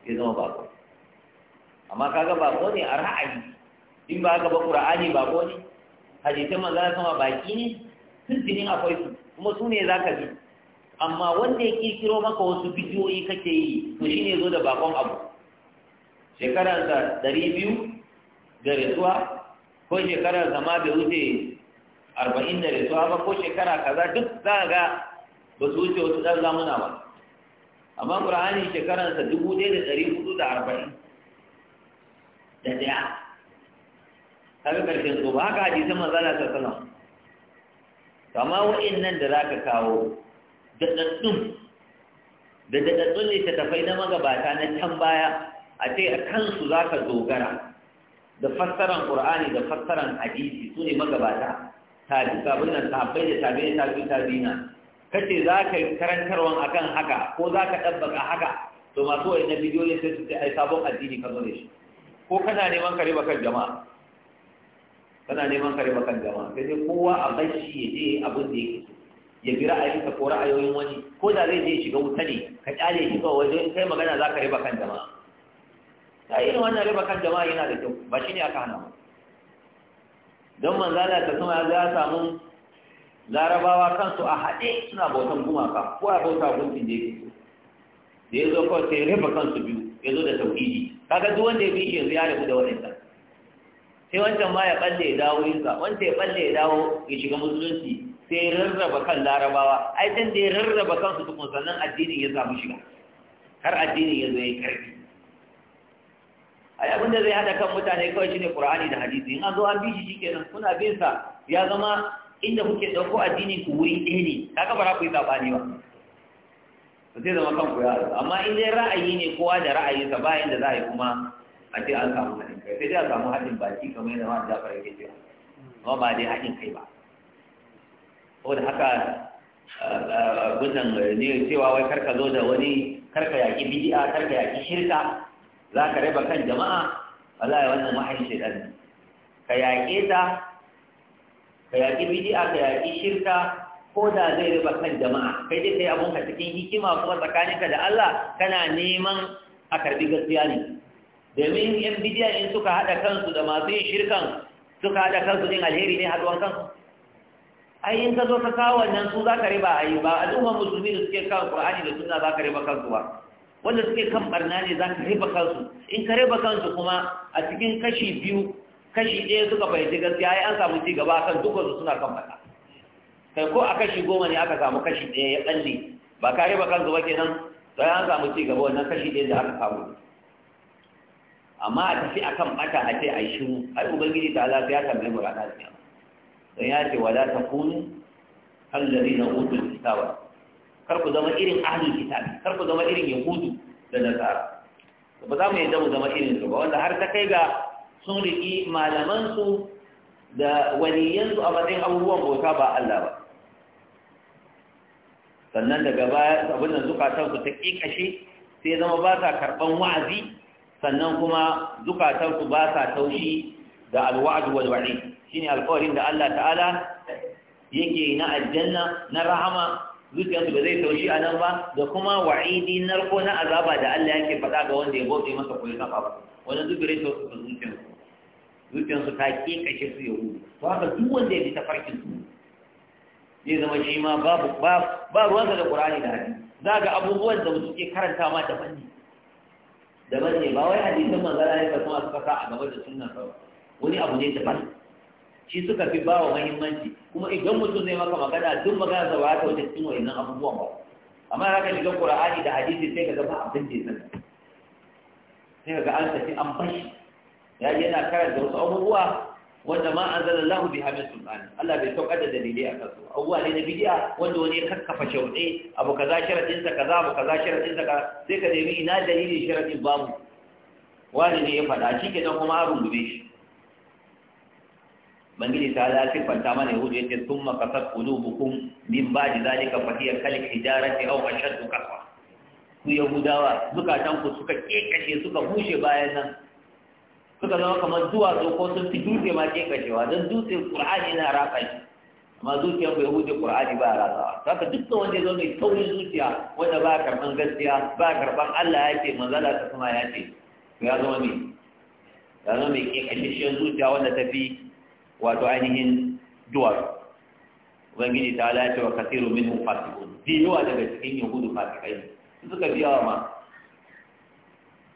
ya zama bako amma kaga bako ne a ra'ayi in ba ka ba qur'ani bako ne hadisin manzon Allah sama baki ne tuntunin akwai su kuma su ne za ka bi amma wanda ya kirkiro maka wasu bidiyoyi kake yi to shi ne zo da bakon abu shekaransa dari biyu da rasuwa ko shekarar zama bai wuce arba'in da rasuwa ba ko shekara kaza duk za a ga ba su wuce wasu ɗan zamuna ba amma shekarar shekaransa dubu ɗaya da dari hudu da arba'in da ɗaya kaga ƙarshen su ba haka hadisan maza na sanar kama wa'in nan da za ka kawo daɗaɗɗun da ta littattafai na magabata na can baya a ce a kansu za ka dogara da fassaran ƙur'ani da fassaran hadisi su ne magabata tabi sabon nan sahabbai da tabi da tabi tabi na kace za ka yi karantarwan kan haka ko za ka ɗabbaka haka to masu wani na bidiyoyin sai su ce ai sabon addini ka zo da shi ko kana neman kare bakan jama'a kana neman kare bakan jama'a sai dai kowa a bashi shi ya je abin da yake so ya bi ra'ayinka ko ra'ayoyin wani ko da zai je shiga wuta ne ka kyale shi kawai wajen kai magana za ka riba kan jama'a ta irin wannan riba kan jama'a yana da kyau ba shi ne aka hana ba don manzana ta ya za samu larabawa kansu a haɗe suna bautan gumaka ko a bauta gunkin da fito? da ya zo kawai sai riba kansu biyu ya zo da tauhidi kaga duk wanda ya bi shi yanzu ya rabu da waɗanda sai wancan ma ya balle ya dawo yinsa wancan ya balle ya dawo ya shiga musulunci sai rarraba kan larabawa ai dan da ya rarraba kansu tukun sannan addinin ya samu shiga har addinin ya zo ya karfi ai abinda zai hada kan mutane kawai shine qur'ani da hadisi in an zo an bi shi kenan kuna bin sa ya zama inda kuke dauko addinin ku wuri ɗaya ne kaga ba za ku yi sabani ba zai zama kan ya amma in dai ra'ayi ne kowa da ra'ayinsa bayan da za a yi kuma a ce an samu haɗin kai sai dai a samu haɗin baki kamar yadda ma da fara yake cewa amma ba dai haɗin kai ba da haka gudan eh, eh, eh, ne cewa wai karka zo da wani karka yaƙi bidi'a karka yaƙi shirka za ka raba kan jama'a wallahi wannan wahayin ɗan. ka yaƙe ta ka yaƙi bidi'a ka yaƙi shirka ko da zai raba kan jama'a kai dai kai abunka cikin hikima kuma tsakaninka da Allah kana neman a karbi gaskiya ne domin yan bidiya in suka haɗa kansu da masu yin shirkan suka haɗa kansu din alheri ne haɗuwan kansu ai in ka zo ka kawo wannan su za ka riba a yi ba al'ummar musulmi da suke kawo qur'ani da sunna za ka riba kansu ba wanda suke kan barna ne za ka riba kansu in ka riba kansu kuma a cikin kashi biyu kashi ɗaya suka fahimci gaskiya ai an samu ci gaba kan dukkan su suna kan barna kai ko a kashi goma ne aka samu kashi ɗaya ya tsalle ba ka riba kansu ba kenan sai an samu ci gaba wannan kashi ɗaya da aka samu amma a tafi akan bata a ce a yi shiru ai ubangiji ta Allah ya tambaye mu ranar kiyama don ya ce wala ta kunu allari na hutun kitaba kar ku zama irin ahlul kitabi. kar ku zama irin yahudu da nasara ba za mu yadda mu zama irin su ba wanda har ta kai ga sun riƙi malamansu da waliyansu a matsayin abubuwan bauta ba Allah ba sannan daga baya abin nan zukatansu ta ƙiƙashe sai zama ba sa karɓan wa'azi sannan kuma zukatansu ba sa taushi da alwa'adu wal wa'i shine alƙawarin da Allah ta'ala yake na aljanna na rahama zuciyarsu ba zai taushi a nan ba da kuma wa'idi narko na azaba da Allah yake faɗa ga wanda ya bauɗe masa koyi kafa ba wani zubire to su zuciyarsu zuciyarsu ta ke kashe su yahudu to haka duk wanda ya bi ta farkin su zai zama shi ma babu ba ruwansa da Ƙur'ani da hadisi za ga abubuwan da mutum ke karanta ma daban ne daban ne ba wai hadisan manzara ne ka kuma suka a gaba da sunan ba wani abu ne daban shi suka fi ba wa mahimmanci kuma idan mutum zai maka magana duk magana da wata wata cikin wa'annan abubuwan ba amma za kan shiga qur'ani da hadisi sai ka zama ba abin da ya sani sai ka ga an tafi an bashi ya yana karanta wasu abubuwa wanda ma an zala lahu bi min sultani Allah bai saukar da dalilai a kansu abubuwa ne na bidiya wanda wani ya kakkafa shauɗe abu kaza sa kaza abu kaza sharaɗinsa kaza sai ka nemi ina dalilin sharaɗin babu wani ne ya faɗa shi ke kuma a rungume shi bangiji ta ala siffanta mana yahudu yace thumma qasat bukun min ba'di zalika fa hiya kal hijarati aw su qaswa ku yahudawa zukatan ku suka kekashe suka bushe bayan nan suka zama kamar duwatsu ko sun fi dutse ma kekashewa don dutse qur'ani na raka shi amma zuciyar bai huce qur'ani ba rasawa duk da wanda ya zo mai saurin zuciya wanda ba a karɓan gaskiya ba a karɓan Allah ya ce manzala ta kuma ya ce ya zama mai ya zama mai kekashishiyar zuciya wanda ta fi wato ainihin duwatsu ubangiji ta lace wa kasiru minhum fasiqun bi yawa daga cikin yahudu fasikai suka biya wa ma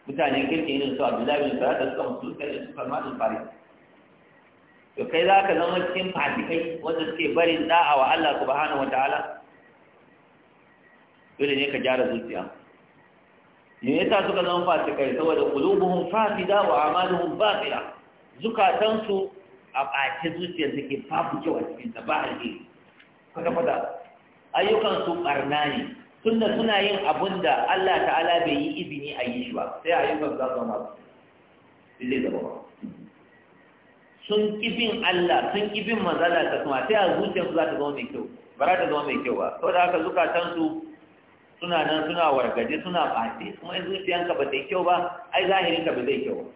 mutanen kirki irin su abdullahi bin sa'ad da suka mutu kai yi suka madu fari to kai za ka zama cikin fasikai wanda suke barin da'a wa Allah subhanahu wa ta'ala dole ne ka gyara zuciya me yasa suka zama fasikai saboda qulubuhum fasida wa amaluhum batila zukatansu a ɓace zuciyar da ke babu kyau a cikin ta ba alheri kwata kwata ayyukan su ɓarna ne tunda suna yin abun da Allah ta'ala bai yi izini a yi shi ba sai ayyukan za su zama su zai zama ba sun kifin Allah sun kifin manzala ta kuma sai a su za ta zama mai kyau ba za ta zama mai kyau ba saboda haka su suna nan suna wargaje suna ɓace kuma in zuciyanka ba ta yi kyau ba ai zahirinka ba zai kyau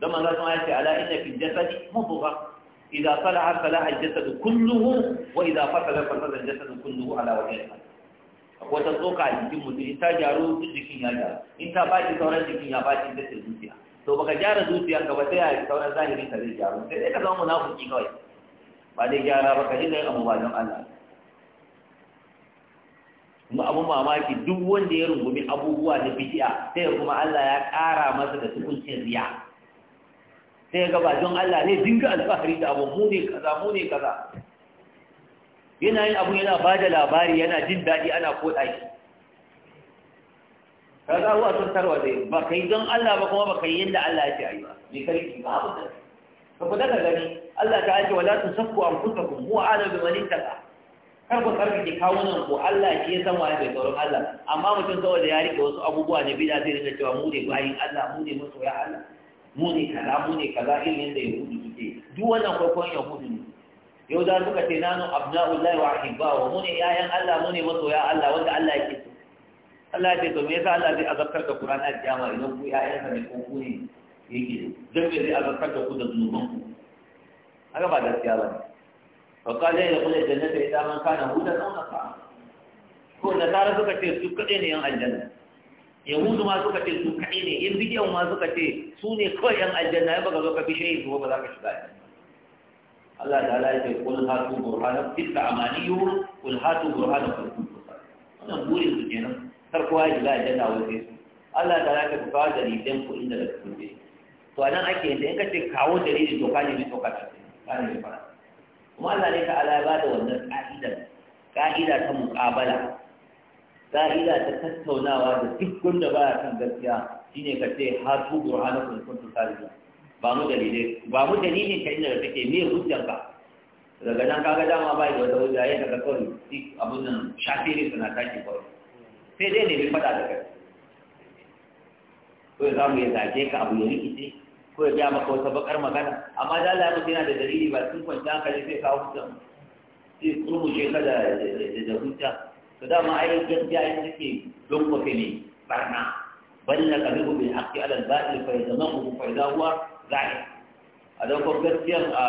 don manzala kuma ya ce ala inna fil jasadi mudghah إذا صلح صلح الجسد كله وإذا فصل فصل الجسد كله على وجه الحال wata tsoka a jikin mutum in ta gyaru duk jikin ya gyaru in ta baki sauran jikin ya baci da zuciya to baka gyara zuciyar ka ba sai a sauran zahiri ka zai gyaru sai dai ka zama munafiki kawai ba dai gyara ba ka ji dai abu ba don Allah mu abun mamaki duk wanda ya rungumi abubuwa na bid'a sai kuma Allah ya ƙara masa da tukuncin riya sai ga ba don Allah ne dinga alfahari da abu mu ne kaza mu ne kaza yana yin abu yana ba da labari yana jin daɗi ana koɗa shi ka za a sun tarwa zai ba kai don Allah ba kuma ba kai yadda Allah ya ce a yi ba mai karfi ba abu da ka ku daga gani Allah ta ake wala su sakku an kusa ku mu ala bi mani ka kar ku karfi ki kawo nan ku Allah shi ya san waye bai tsoron Allah amma mutum saboda ya rike wasu abubuwa ne bida zai rinka cewa mu ne bayin Allah mu ne masoya Allah mu ne kaza mu ne kaza irin yadda yahudu suke duk wannan kwaikwayon yahudu ne yau da suka ce nanu abna'ullahi wa ahibbahu mu ne yayan Allah mu ne masoya Allah wanda Allah yake so Allah ya ce to me yasa Allah zai azabtar da Qur'ani a kiyama idan ku yayan sa ne ko ku ne yake dan me zai azabtar da ku da zunuban ku haka ba gaskiya ba fa qala ya qul jannata idan man kana hudan aw nasara ko nasara suka ce su kade ne yan aljanna yahudu ma suka ce su kaɗi ne yin bidiyan ma suka ce su ne kawai yan aljanna ya baka zo ka bishe yin ba za ka shiga Allah ta ala ya ce kul hatu burhana tilka amaniyu kul hatu burhana kul kusa wannan burin su kenan kar ya shiga aljanna wai sai su Allah ta ala ya ce ku kawo dalilan ku inda da ku je to a nan ake yanzu in ka ce kawo dalili to ka ne to ka ce ka ne fara kuma Allah ne ta ala ya ba da wannan ka'idar ka'ida ta muƙabala. ka'ida ta tattaunawa da duk wanda baya kan gaskiya shine ka ce har ku kun kuntum sadiqin ba mu dalilai ba mu dalilin ka inda kake me hujjar ka daga nan kaga dama bai da wata hujja ya daga kawai abun nan ne suna tashi kawai sai dai ne bi fada da kai ko za mu yi zage ka abu ya rikice ko ya gaya maka wata bakar magana amma da Allah ya mutu yana da dalili ba sun kwanta hankali sai kawo hujja sai kurmushe ka da hujja to dama ai gaskiya yin take lunkufe ne barna balla qalibu bil haqqi ala al batil fa yadamahu fa idha huwa za'i a don ko gaskiya a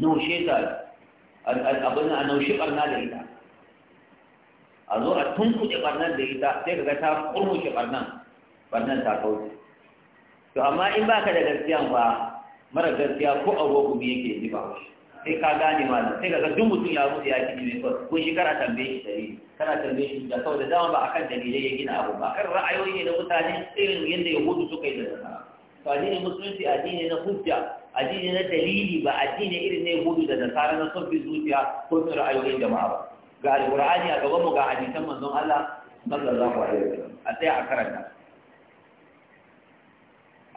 naushe ta abin a naushe na da ita a zo a tunkuɗe barnan da ita sai kaga ta kurmushe barnan barnan ta kauce to amma in baka da gaskiya ba mara gaskiya ko a roƙumi yake ji ba shi sai ka gane malam sai ga duk mutum ya rufe ya kiji mai kawai kun shi kana tambaye shi dalili kana tambaye shi da kawai da dama ba akan dalilai ya gina abu ba kan ra'ayoyi ne na mutane irin yadda yahudu suka yi da nasara to addinin musulunci addini na hujja addini na dalili ba addini irin na yahudu da nasara na son fi zuciya ko sun ra'ayoyin jama'a ba ga alqur'ani a gaban mu ga hadisan manzon Allah sallallahu alaihi wasallam a tsaya a karanta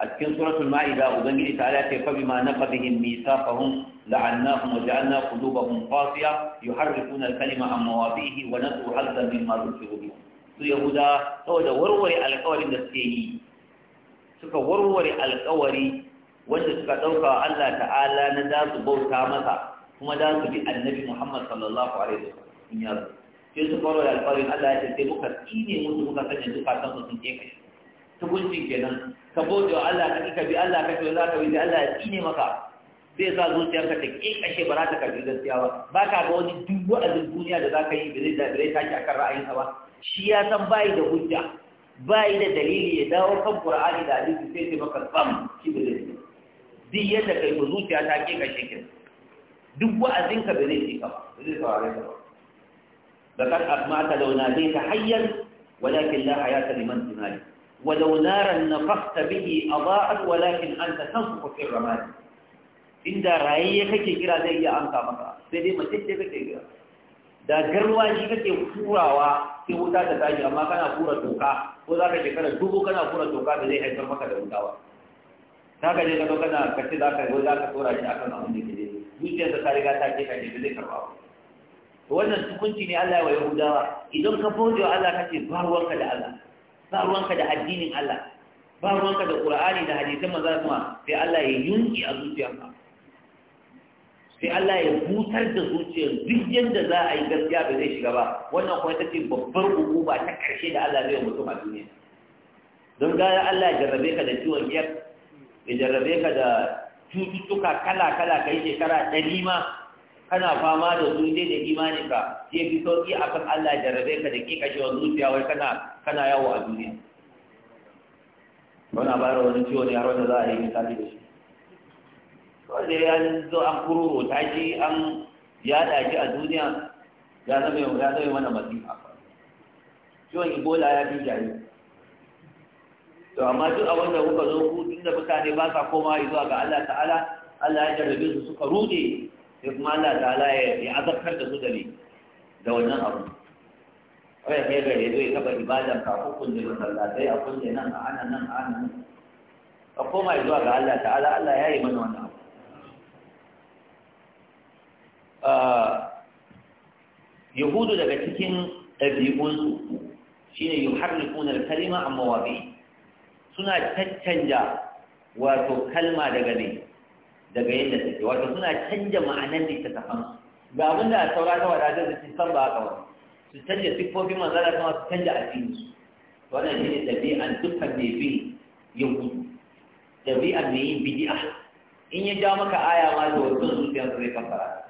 a cikin suratul ma'ida ubangiji ta ala ce fa bima naqadihim mithaqahum لعناهم وجعلنا قلوبهم قاسية يحرفون الكلمة عن مواضعه ونسوا حظا مما ذكروا به su yahuda saboda warware alkawarin da suke yi suka warware alkawari wanda suka ɗauka Allah ta'ala na za su bauta masa kuma za su bi annabi Muhammad sallallahu alaihi wasallam in ya sai su warware alkawarin Allah ya ce sai muka tsine musu muka sanya zukatan su sun kefe tukunci kenan ka bauta wa Allah ka ka bi Allah ka ce za bi Allah ya tsine maka zai sa ka ta ke kashe ba za ta karbi gaskiya ba ba ka ga wani duk wa'azin duniya da za ka yi da zai ta tashi akan ra'ayinsa ba shi ya san bayi da hujja bayi da dalili ya dawo kan qur'ani da hadisi sai ce maka bam shi bai zai duk yadda kai ko zuciya ta ke kashe kin duk ka ba zai ci ka ba zai saurare ka ba لقد أطمعت لو ناديت حيا la haya ta liman tunani ولو نارا نفخت به أضاءت ولكن أنت تنفخ في الرمادي inda rayayye kake kira zai iya amsa maka sai dai mace ce kake kira da garwa shi kake kurawa sai wuta ta tashi amma kana kura toka ko za ka shekara dubu kana kura toka da zai haifar maka da wuta ba ta ka je ka zo kana kace za ka za ka tsora shi akan abin da ke dai zuciyarsa ta riga ta ce ka je zai karba ba wannan hukunci ne Allah ya wa Yahudawa idan ka bauta Allah kace ba ruwanka da Allah ba ruwanka da addinin Allah ba ruwanka da Qur'ani da hadisan manzon Allah sai Allah ya yunki a zuciyarka sai Allah ya busar da zuciyar duk yadda za a yi gaskiya ba zai shiga ba wannan kuma ita ce babbar hukuma ta karshe da Allah zai mutum a duniya don gaya Allah ya jarrabe ka da ciwon giyar ya jarrabe ka da cututtuka kala-kala kai shekara ɗari ma kana fama da su dai da imani ka sai fi sauki kan Allah ya jarrabe ka da ke wa zuciya wai kana kana yawo a duniya wannan bayar wani ciwon yaro da za a yi misali da shi wanda ya zo an kururo ta shi an yada shi a duniya ya zama ya zama mana masifa ciwon ebola ya fi jari to amma duk a wanda kuka zo ku tunda mutane ba sa komawa zuwa ga Allah ta'ala Allah ya jarrabe su suka rude ya kuma Allah ta'ala ya azabtar da su da ne da wannan abu wai kai gare zai taba ibadan ka ko kun da masallatai a kun nan a ana nan a ana nan ka koma zuwa ga Allah ta'ala Allah ya yi mana wannan abu yahudu daga cikin ɗabi'unsu shi ne yuharrifunar kalima a mawaƙi suna cancanja wato kalma daga ne daga yadda suke wato suna canja ma'anar da ta tafansu ga abin da a saura ta wadatar da sun ba a ba su canja siffofin manzara kuma su canja addininsu wannan shi ne ɗabi'an dukkan mai bin yahudu ɗabi'an mai yin bidi'a in ya ja maka aya ma da wasu su zai kafara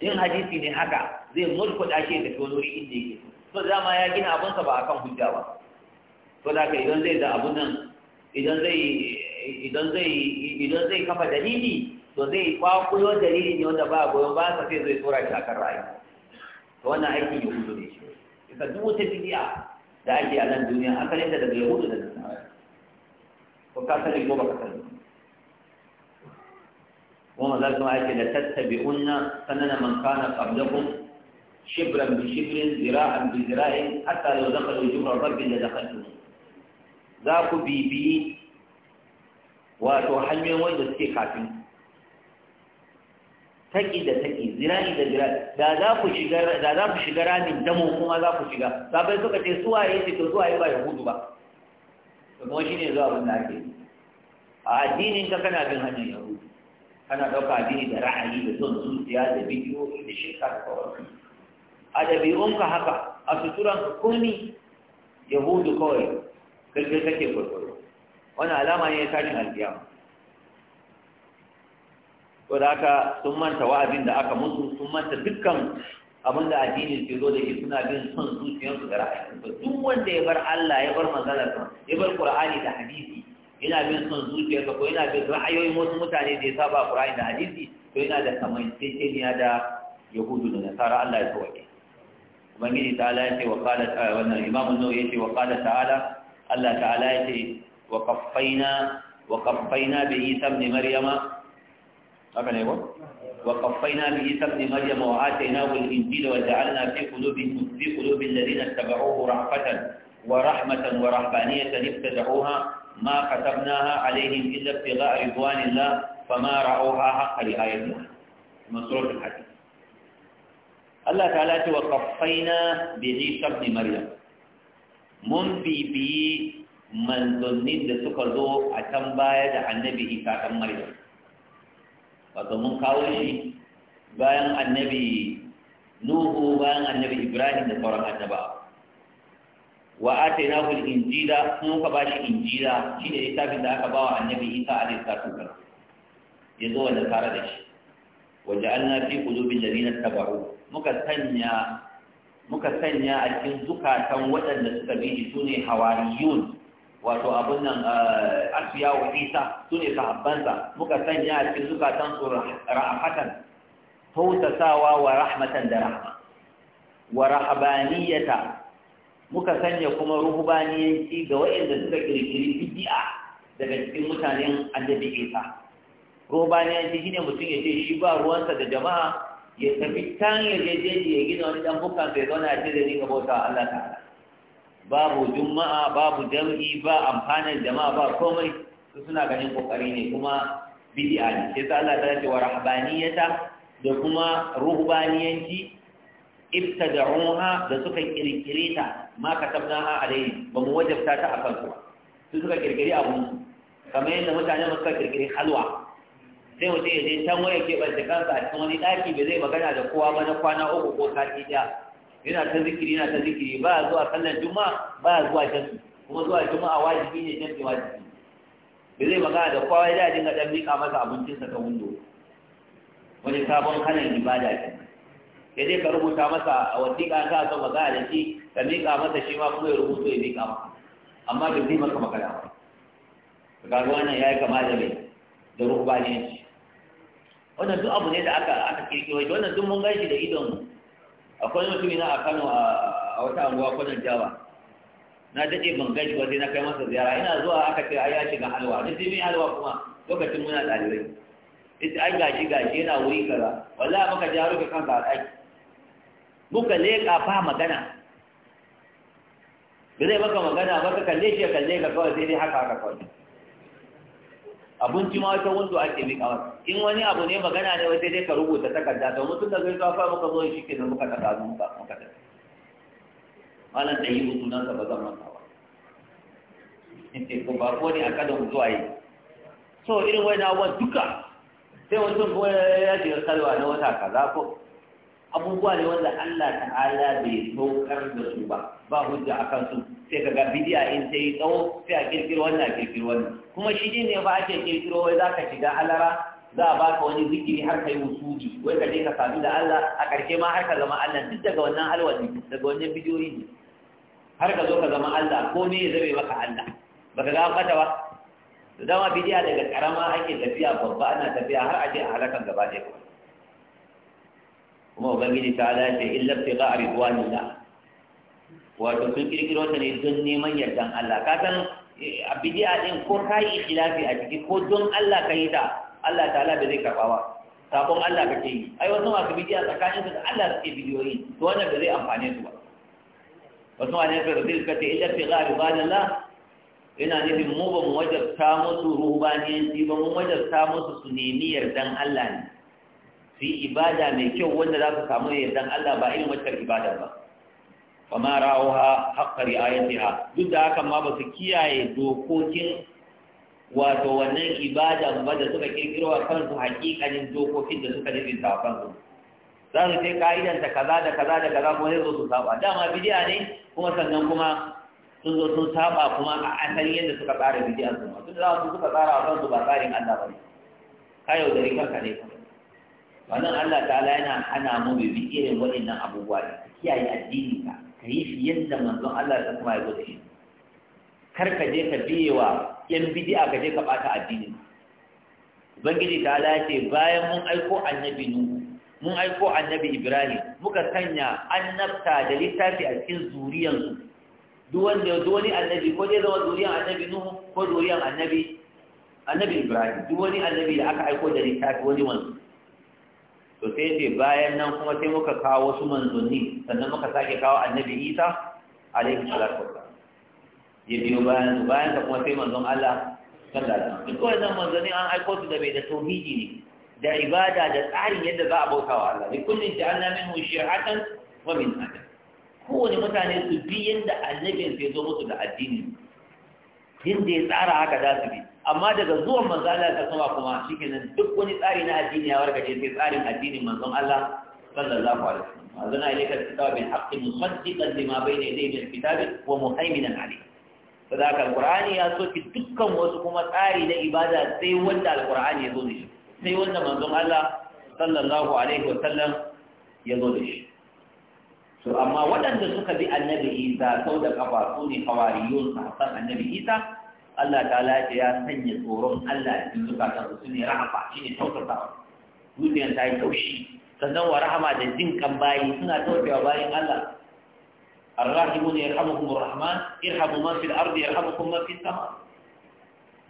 Yin hadisi ne haka zai mulkuɗa shi da wani wuri inda yake to dama ya gina abunsa ba akan hujja ba to da idan zai da abun nan idan zai idan zai idan zai kafa dalili to zai kwakuyo dalili ne wanda ba goyon ba sa sai zai tsora shi akan ra'ayi to wannan aiki ne hudu ne shi ita duk wata bidi'a da ake a nan duniya akalin da daga yahudu da nasara ko ka sani ko baka sani kuma za su ake da tattabi'unna sanana man kana qablakum shibran bi shibrin zira'an bi zira'in hatta law dakhalu jumra rabbin la dakhaltum za ku bibiyi wato hanyoyin wanda suke kafin taki da taki zira'i da zira'i da za ku shiga da za kuma za ku shiga sabai suka ce suwaye ce to ba yahudu ba zuwa ake a addinin ka bin ana ɗauka addini da ra'ayi da son zuciya da bidiyoyi da shirka kawai a ɗabi'unka haka a suturan komi yahudu kawai kirkir kake kwaikwayo wani alama ne ya tashin alkiyama to da aka sun manta wa'azin da aka mutu, sun manta dukkan abin da addinin ke zo da ke suna bin son zuciyarsu da ra'ayi. duk wanda ya bar Allah ya bar manzalarsa ya bar Qur'ani da hadisi ina bin son ka ko ina bin ra'ayoyin wasu mutane da ya saba Qur'ani da hadisi to ina da kamanceceniya da Yahudu da Nasara Allah ya tsawaye ubangiji ta'ala yace wa qala wannan imamu nawawi yace wa qala ta'ala Allah ta'ala yace wa qaffaina wa qaffaina bi Isa ibn Maryama haka ne ko wa wa bi maryama وقفينا بعيسى ابن مريم وآتيناه الإنجيل وجعلنا في قلوب في قلوب الذين اتبعوه رأفة ورحمة ورهبانية ابتدعوها ما كتبناها عليهم إلا ابتغاء رضوان الله فما رأوها حق رعايتها من سورة الحديث الله تعالى وقفينا بعيسى ابن مريم من بي بي من ظنين da suka zo a can baya da annabi isa ɗan maryam wato mun kawo shi bayan annabi nuhu bayan annabi ibrahim da sauran annabawa wa atina al-injila kuma ka bashi injila shine littafin da aka bawa annabi Isa alaihi salatu wasallam yazo wanda tare da shi wa ja'alna fi qulubi alladhina tabaru muka sanya muka sanya a cikin zukatan waɗanda suka bi shi sune hawariyun wato abun nan eh, Asiya wa Isa sune sahabbansa muka sanya a cikin zukatan su ra'afatan tautasawa wa rahmatan da rahma wa rahabaniyata muka sanya kuma ruhubaniyanci ga waɗanda suka kirkiri bid'a daga cikin mutanen annabi Isa ruhubaniyanci shine mutum ya ce shi ba ruwansa da jama'a ya tafi tan ya je je ya gina wani dan buka bai zauna ce da ni bauta Allah ta'ala babu juma'a babu jam'i ba amfanin jama'a ba komai su suna ganin kokari ne kuma bid'a ne sai Allah ta ce wa rahbaniyata da kuma ruhubaniyanci. ibtada'uha da suka kirkire ta ma katabnaha alayhi ba mu wajabta ta akan su su suka kirkire abu kamar yadda mutane suka kirkire halwa sai mutum ya je can waya ke da kansa a cikin wani ɗaki bai zai magana da kowa ba na kwana uku ko sati ɗaya yana ta zikiri yana ta zikiri ba zuwa sallar juma'a ba zuwa can kuma zuwa juma'a wajibi ne can wajibi Bai zai magana da kowa ya dinga dan mika masa abincinsa ta wundo wani sabon hana ibada ce ya je ka rubuta masa a wasiƙa ta son za da shi ka miƙa masa shi ma kuma ya rubuta ya miƙa ma amma da zai maka magana ba ka ga wannan ya yi kama da mai da ruhbaniyanci wannan duk abu ne da aka aka kirkiro shi wannan duk mun gashi da idon akwai mutum na a Kano a wata anguwa kwanan Jawa na daɗe ban gashi ba sai na kai masa ziyara ina zuwa aka ce ai ya shiga halwa ni sai min halwa kuma lokacin muna ɗalibai ita ai gashi gashi yana wuri kaza wallahi maka ja ka kanka a ɗaki muka leƙa fa magana ba zai maka magana ba ka kalle shi ya kalle ka kawai sai dai haka haka kawai abinci ma wata wando ake miƙa wata in wani abu ne magana ne wata dai ka rubuta takarda ta? mutum da zai kafa muka zo shi ke da muka ta mu muka muka ta malam da yi hutu nan ba zan manta ba ko ba ko ne a kada mutu a yi so irin wani abuwa duka sai wani ko ya shiga kalwa na wata kaza ko abubuwa ne wanda Allah ta'ala bai saukar da su ba ba hujja a kansu sai ka ga bidiya in ta yi tsawo sai a kirkiro wannan a kirkiro wannan kuma shi ne ba ake kirkiro wai za ka shiga halara za a baka wani zikiri har kai wusudi wai ka je ka sadu da Allah a ƙarshe ma har ka zama Allah duk daga wannan halwani daga wannan bidiyoyi ne har ka zo ka zama Allah ko ne ya zabe maka Allah baka ga bata ba da dama bidiya daga karama ake tafiya babba ana tafiya har a je a halakan gaba ɗaya kuma ubangiji ta ala ce illa fi ga ridwanillah wato sun kirkiro ta ne don neman yardan Allah ka san eh, a bidi'a din ko kai ikhlafi a ciki ko don Allah ka yi ta Allah ta'ala bai zai karba ba sabon Allah kake yi ai wasu masu bidi'a tsakanin su da Allah suke bidiyoyi to wannan da zai amfane su ba wasu ma ne ka zai kace illa fi ga ridwanillah ina nufin mu ba mu ta musu ruhubaniyanci ba mu ta musu su nemi yardan Allah ne su yi ibada mai kyau wanda za su samu yardan Allah ba irin wacce ibada ba wa ma ra'uha ya ri'ayatiha duk da haka ma ba su kiyaye dokokin wato wannan ibada ba da suka kirkiro a kansu haƙiƙanin dokokin da suka nufin ta kansu za su ce ka'idan ta kaza da kaza da kaza kuma zai zo su saba dama bidiya ne kuma sannan kuma sun zo sun saba kuma a asali yadda suka tsara bidiyan su ma tun da su suka tsara a kansu ba tsarin Allah ba ne ka yaudari kanka ne kuma wannan Allah ta'ala yana hana mu bi irin waɗannan abubuwa da kiyaye addini ka ka yi shi yadda manzon Allah ta kuma ya gwada shi kar ka je ka biyewa yan bid'a ka je ka bata addini ubangiji ta'ala ce bayan mun aiko annabi nu mun aiko annabi ibrahim muka sanya annabta da littafi a cikin zuriyansu duk wanda duk wani annabi ko dai zama zuriyan annabi nu ko zuriyan annabi annabi ibrahim duk wani annabi da aka aiko da littafi wani wanzu to sai ce bayan nan kuma sai muka kawo wasu manzanni sannan muka sake kawo annabi isa alaihi salatu wasallam ya biyo bayan su bayan ta kuma sai manzon Allah sallallahu alaihi wasallam duk wannan an aiko su da mai da tauhidi ne da ibada da tsarin yadda za a bauta wa Allah likullin ja'alna minhu shi'atan wa min adam kowane mutane su bi yadda annabin sai zo musu da addini yadda ya tsara haka za su bi amma daga zuwan manzon Allah ta sama kuma shikenan duk wani tsari na addini ya wargaje sai tsarin addinin manzon Allah sallallahu alaihi wasallam azana ilayka alkitab bil haqqi musaddiqan lima bayna yadayhi min kitab wa muhaiminan alayhi sadaka alqur'ani ya ki dukkan wasu kuma tsari na ibada sai wanda alqur'ani ya zo da shi sai wanda manzon Allah sallallahu alaihi wasallam ya zo da shi to amma waɗanda suka bi annabi Isa sau da kafa su ne hawariyun sahabban annabi Isa Allah ta lafi ya sanya tsoron Allah da zukatan su ne rahama shi ne tautata zuciyar ta yi taushi sannan wa rahama da jin kan bayi suna tautawa bayan Allah الراحمون يرحمكم الرحمن ارحموا من في الارض يرحمكم من في السماء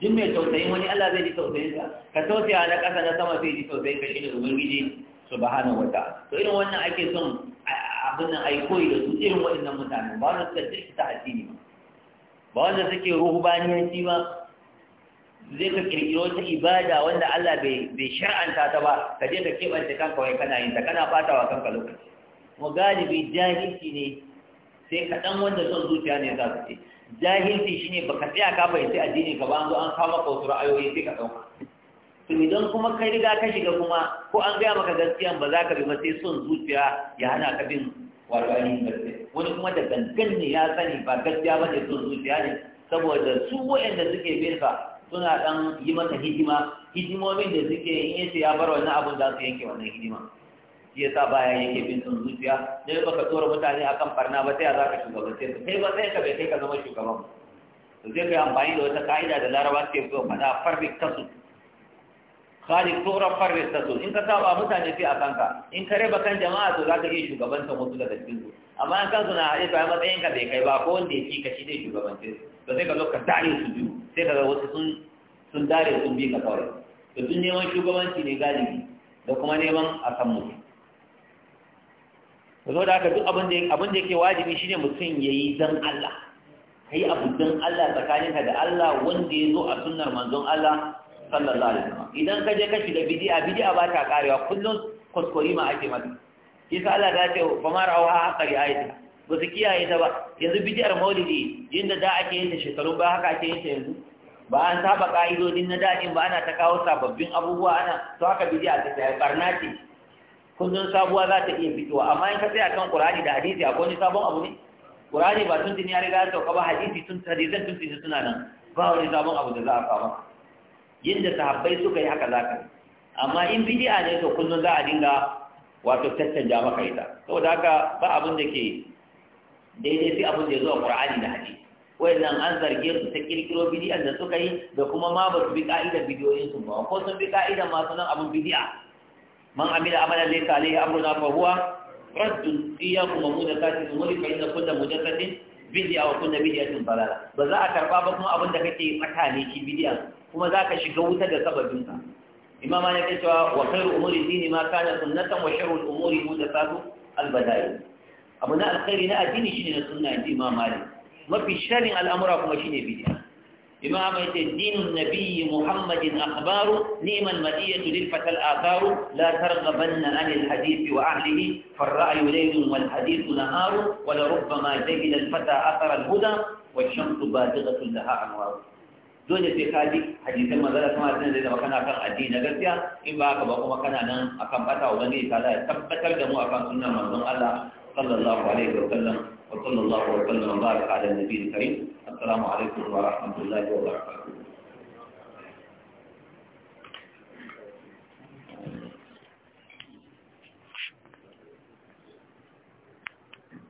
duk mai tausayin wani Allah zai ji tausayinsa ka tausaya na kasa na sama zai ji tausayin ka shine ubangiji subhanahu wa ta'ala to irin wannan ake son abin nan ai koyi da su irin waɗannan mutane ba su da ta addini ba ba wanda suke ruhubaniyanci ba zai ka kirkiro ta ibada wanda Allah bai shar'anta ta ba ka je ka keɓance kanka wai kana yin ta kana fata wa kanka lokaci kuma galibi jahilci ne sai kaɗan wanda son zuciya ne za su ce jahilci shine baka tsaya ka fahimci addini ka ba an zo an kama ka wasu ra'ayoyi sai ka ɗauka to idan kuma kai riga ka shiga kuma ko an gaya maka gaskiya ba za ka bi ba sai son zuciya ya hana ka bin wato ainihin gaskiya wani kuma da gangan ne ya sani ba gaskiya ba ne sun zuciya ne saboda su waɗanda suke bin sa suna ɗan yi masa hidima hidimomin da suke in yace ya bar wannan abun za su yanke wannan hidima shi sa baya yake bin sun zuciya ba ka tsora mutane akan barna ba sai za zaka shugabance su kai ba sai ka bai kai ka zama shugaban Ba zai ka amfani da wata ka'ida da laraba ke faɗa perfect kasu sari tura farin ta in ka saba mutane fi a kanka in ka raba kan jama'a to za ka iya shugabantar wasu daga cikin su amma an kansu na haɗe a matsayin ka bai kai ba ko wanda ya fi ka shi zai shugabance to sai ka zo ka dare su biyu sai ka ga wasu sun sun dare sun bi ka kawai to sun neman shugabanci ne galibi da kuma neman a san Ka zo da haka duk abin da abin da yake wajibi shine mutum yayi dan Allah kai abu dan Allah tsakaninka da Allah wanda ya zo a sunnar manzon Allah sallallahu alaihi wasallam idan ka je ka da bid'a bid'a ba ta karewa kullun kuskuri ma ake mata yasa Allah ta ce ba mara wa haka ri ayata ba su kiyaye ta ba yanzu bid'ar maulidi inda da ake yin shekaru ba haka ake yin yanzu ba an saba ka'idodin na dadin ba ana ta kawo sababbin abubuwa ana to haka bid'a ta ta barna ce kullun sabuwa za ta iya fitowa amma in ka tsaya kan Qur'ani da hadisi akwai ni sabon abu ne Qur'ani ba tun tuni ya riga ya ka ba hadisi tun hadisan tun tuni suna nan ba wani sabon abu da za a kawo Yin da sahabbai suka yi haka za ka amma in bidi'a ne to kullum za a dinga wato tattanja maka ita saboda haka ba abin da ke daidai sai abin da ya zo a qur'ani da hadisi wayannan an zarge su ta kirkiro bidi'an da suka yi da kuma ma ba su bi ka'idar bidiyoyin su ba ko sun bi ka'idar masu nan abin bidi'a man amila amalan laysa alayhi amruna fa huwa raddun iyyakum wa mudathati umuri fa inna kullu mudathatin bidi'a wa kullu bid'atin dalala ba za a karba ba kuma abin da kake tsakani shi bidi'an kuma za ka shiga wuta da sababinsa imam ya ce cewa wa khairu umuri dini ma kana sunnatan wa sharru al-umuri muhdathatu al abu na alkhairi na addini shine na sunna inji imam malik mafi sharrin al'amura kuma shine bid'a imam ya ce dinun nabiyyi muhammadin akhbaru ni'mal madiyatu lil fatal atharu la targhabanna an al-hadith wa ahlihi farra'yu laylun wal hadith naharu wa la rubbama jahila al-fata athara al-huda والشمس بادغة لها أنوار dole sai ka ji hadisan manzara sama da zai zama kana kan addini na gaskiya in ba haka ba kuma kana nan akan bata gani ta da tabbatar da mu akan sunan manzon Allah sallallahu alaihi wa sallam wa sallallahu Alaihi wa sallam wa baraka ala nabiyil karim assalamu alaikum wa rahmatullahi wa barakatuh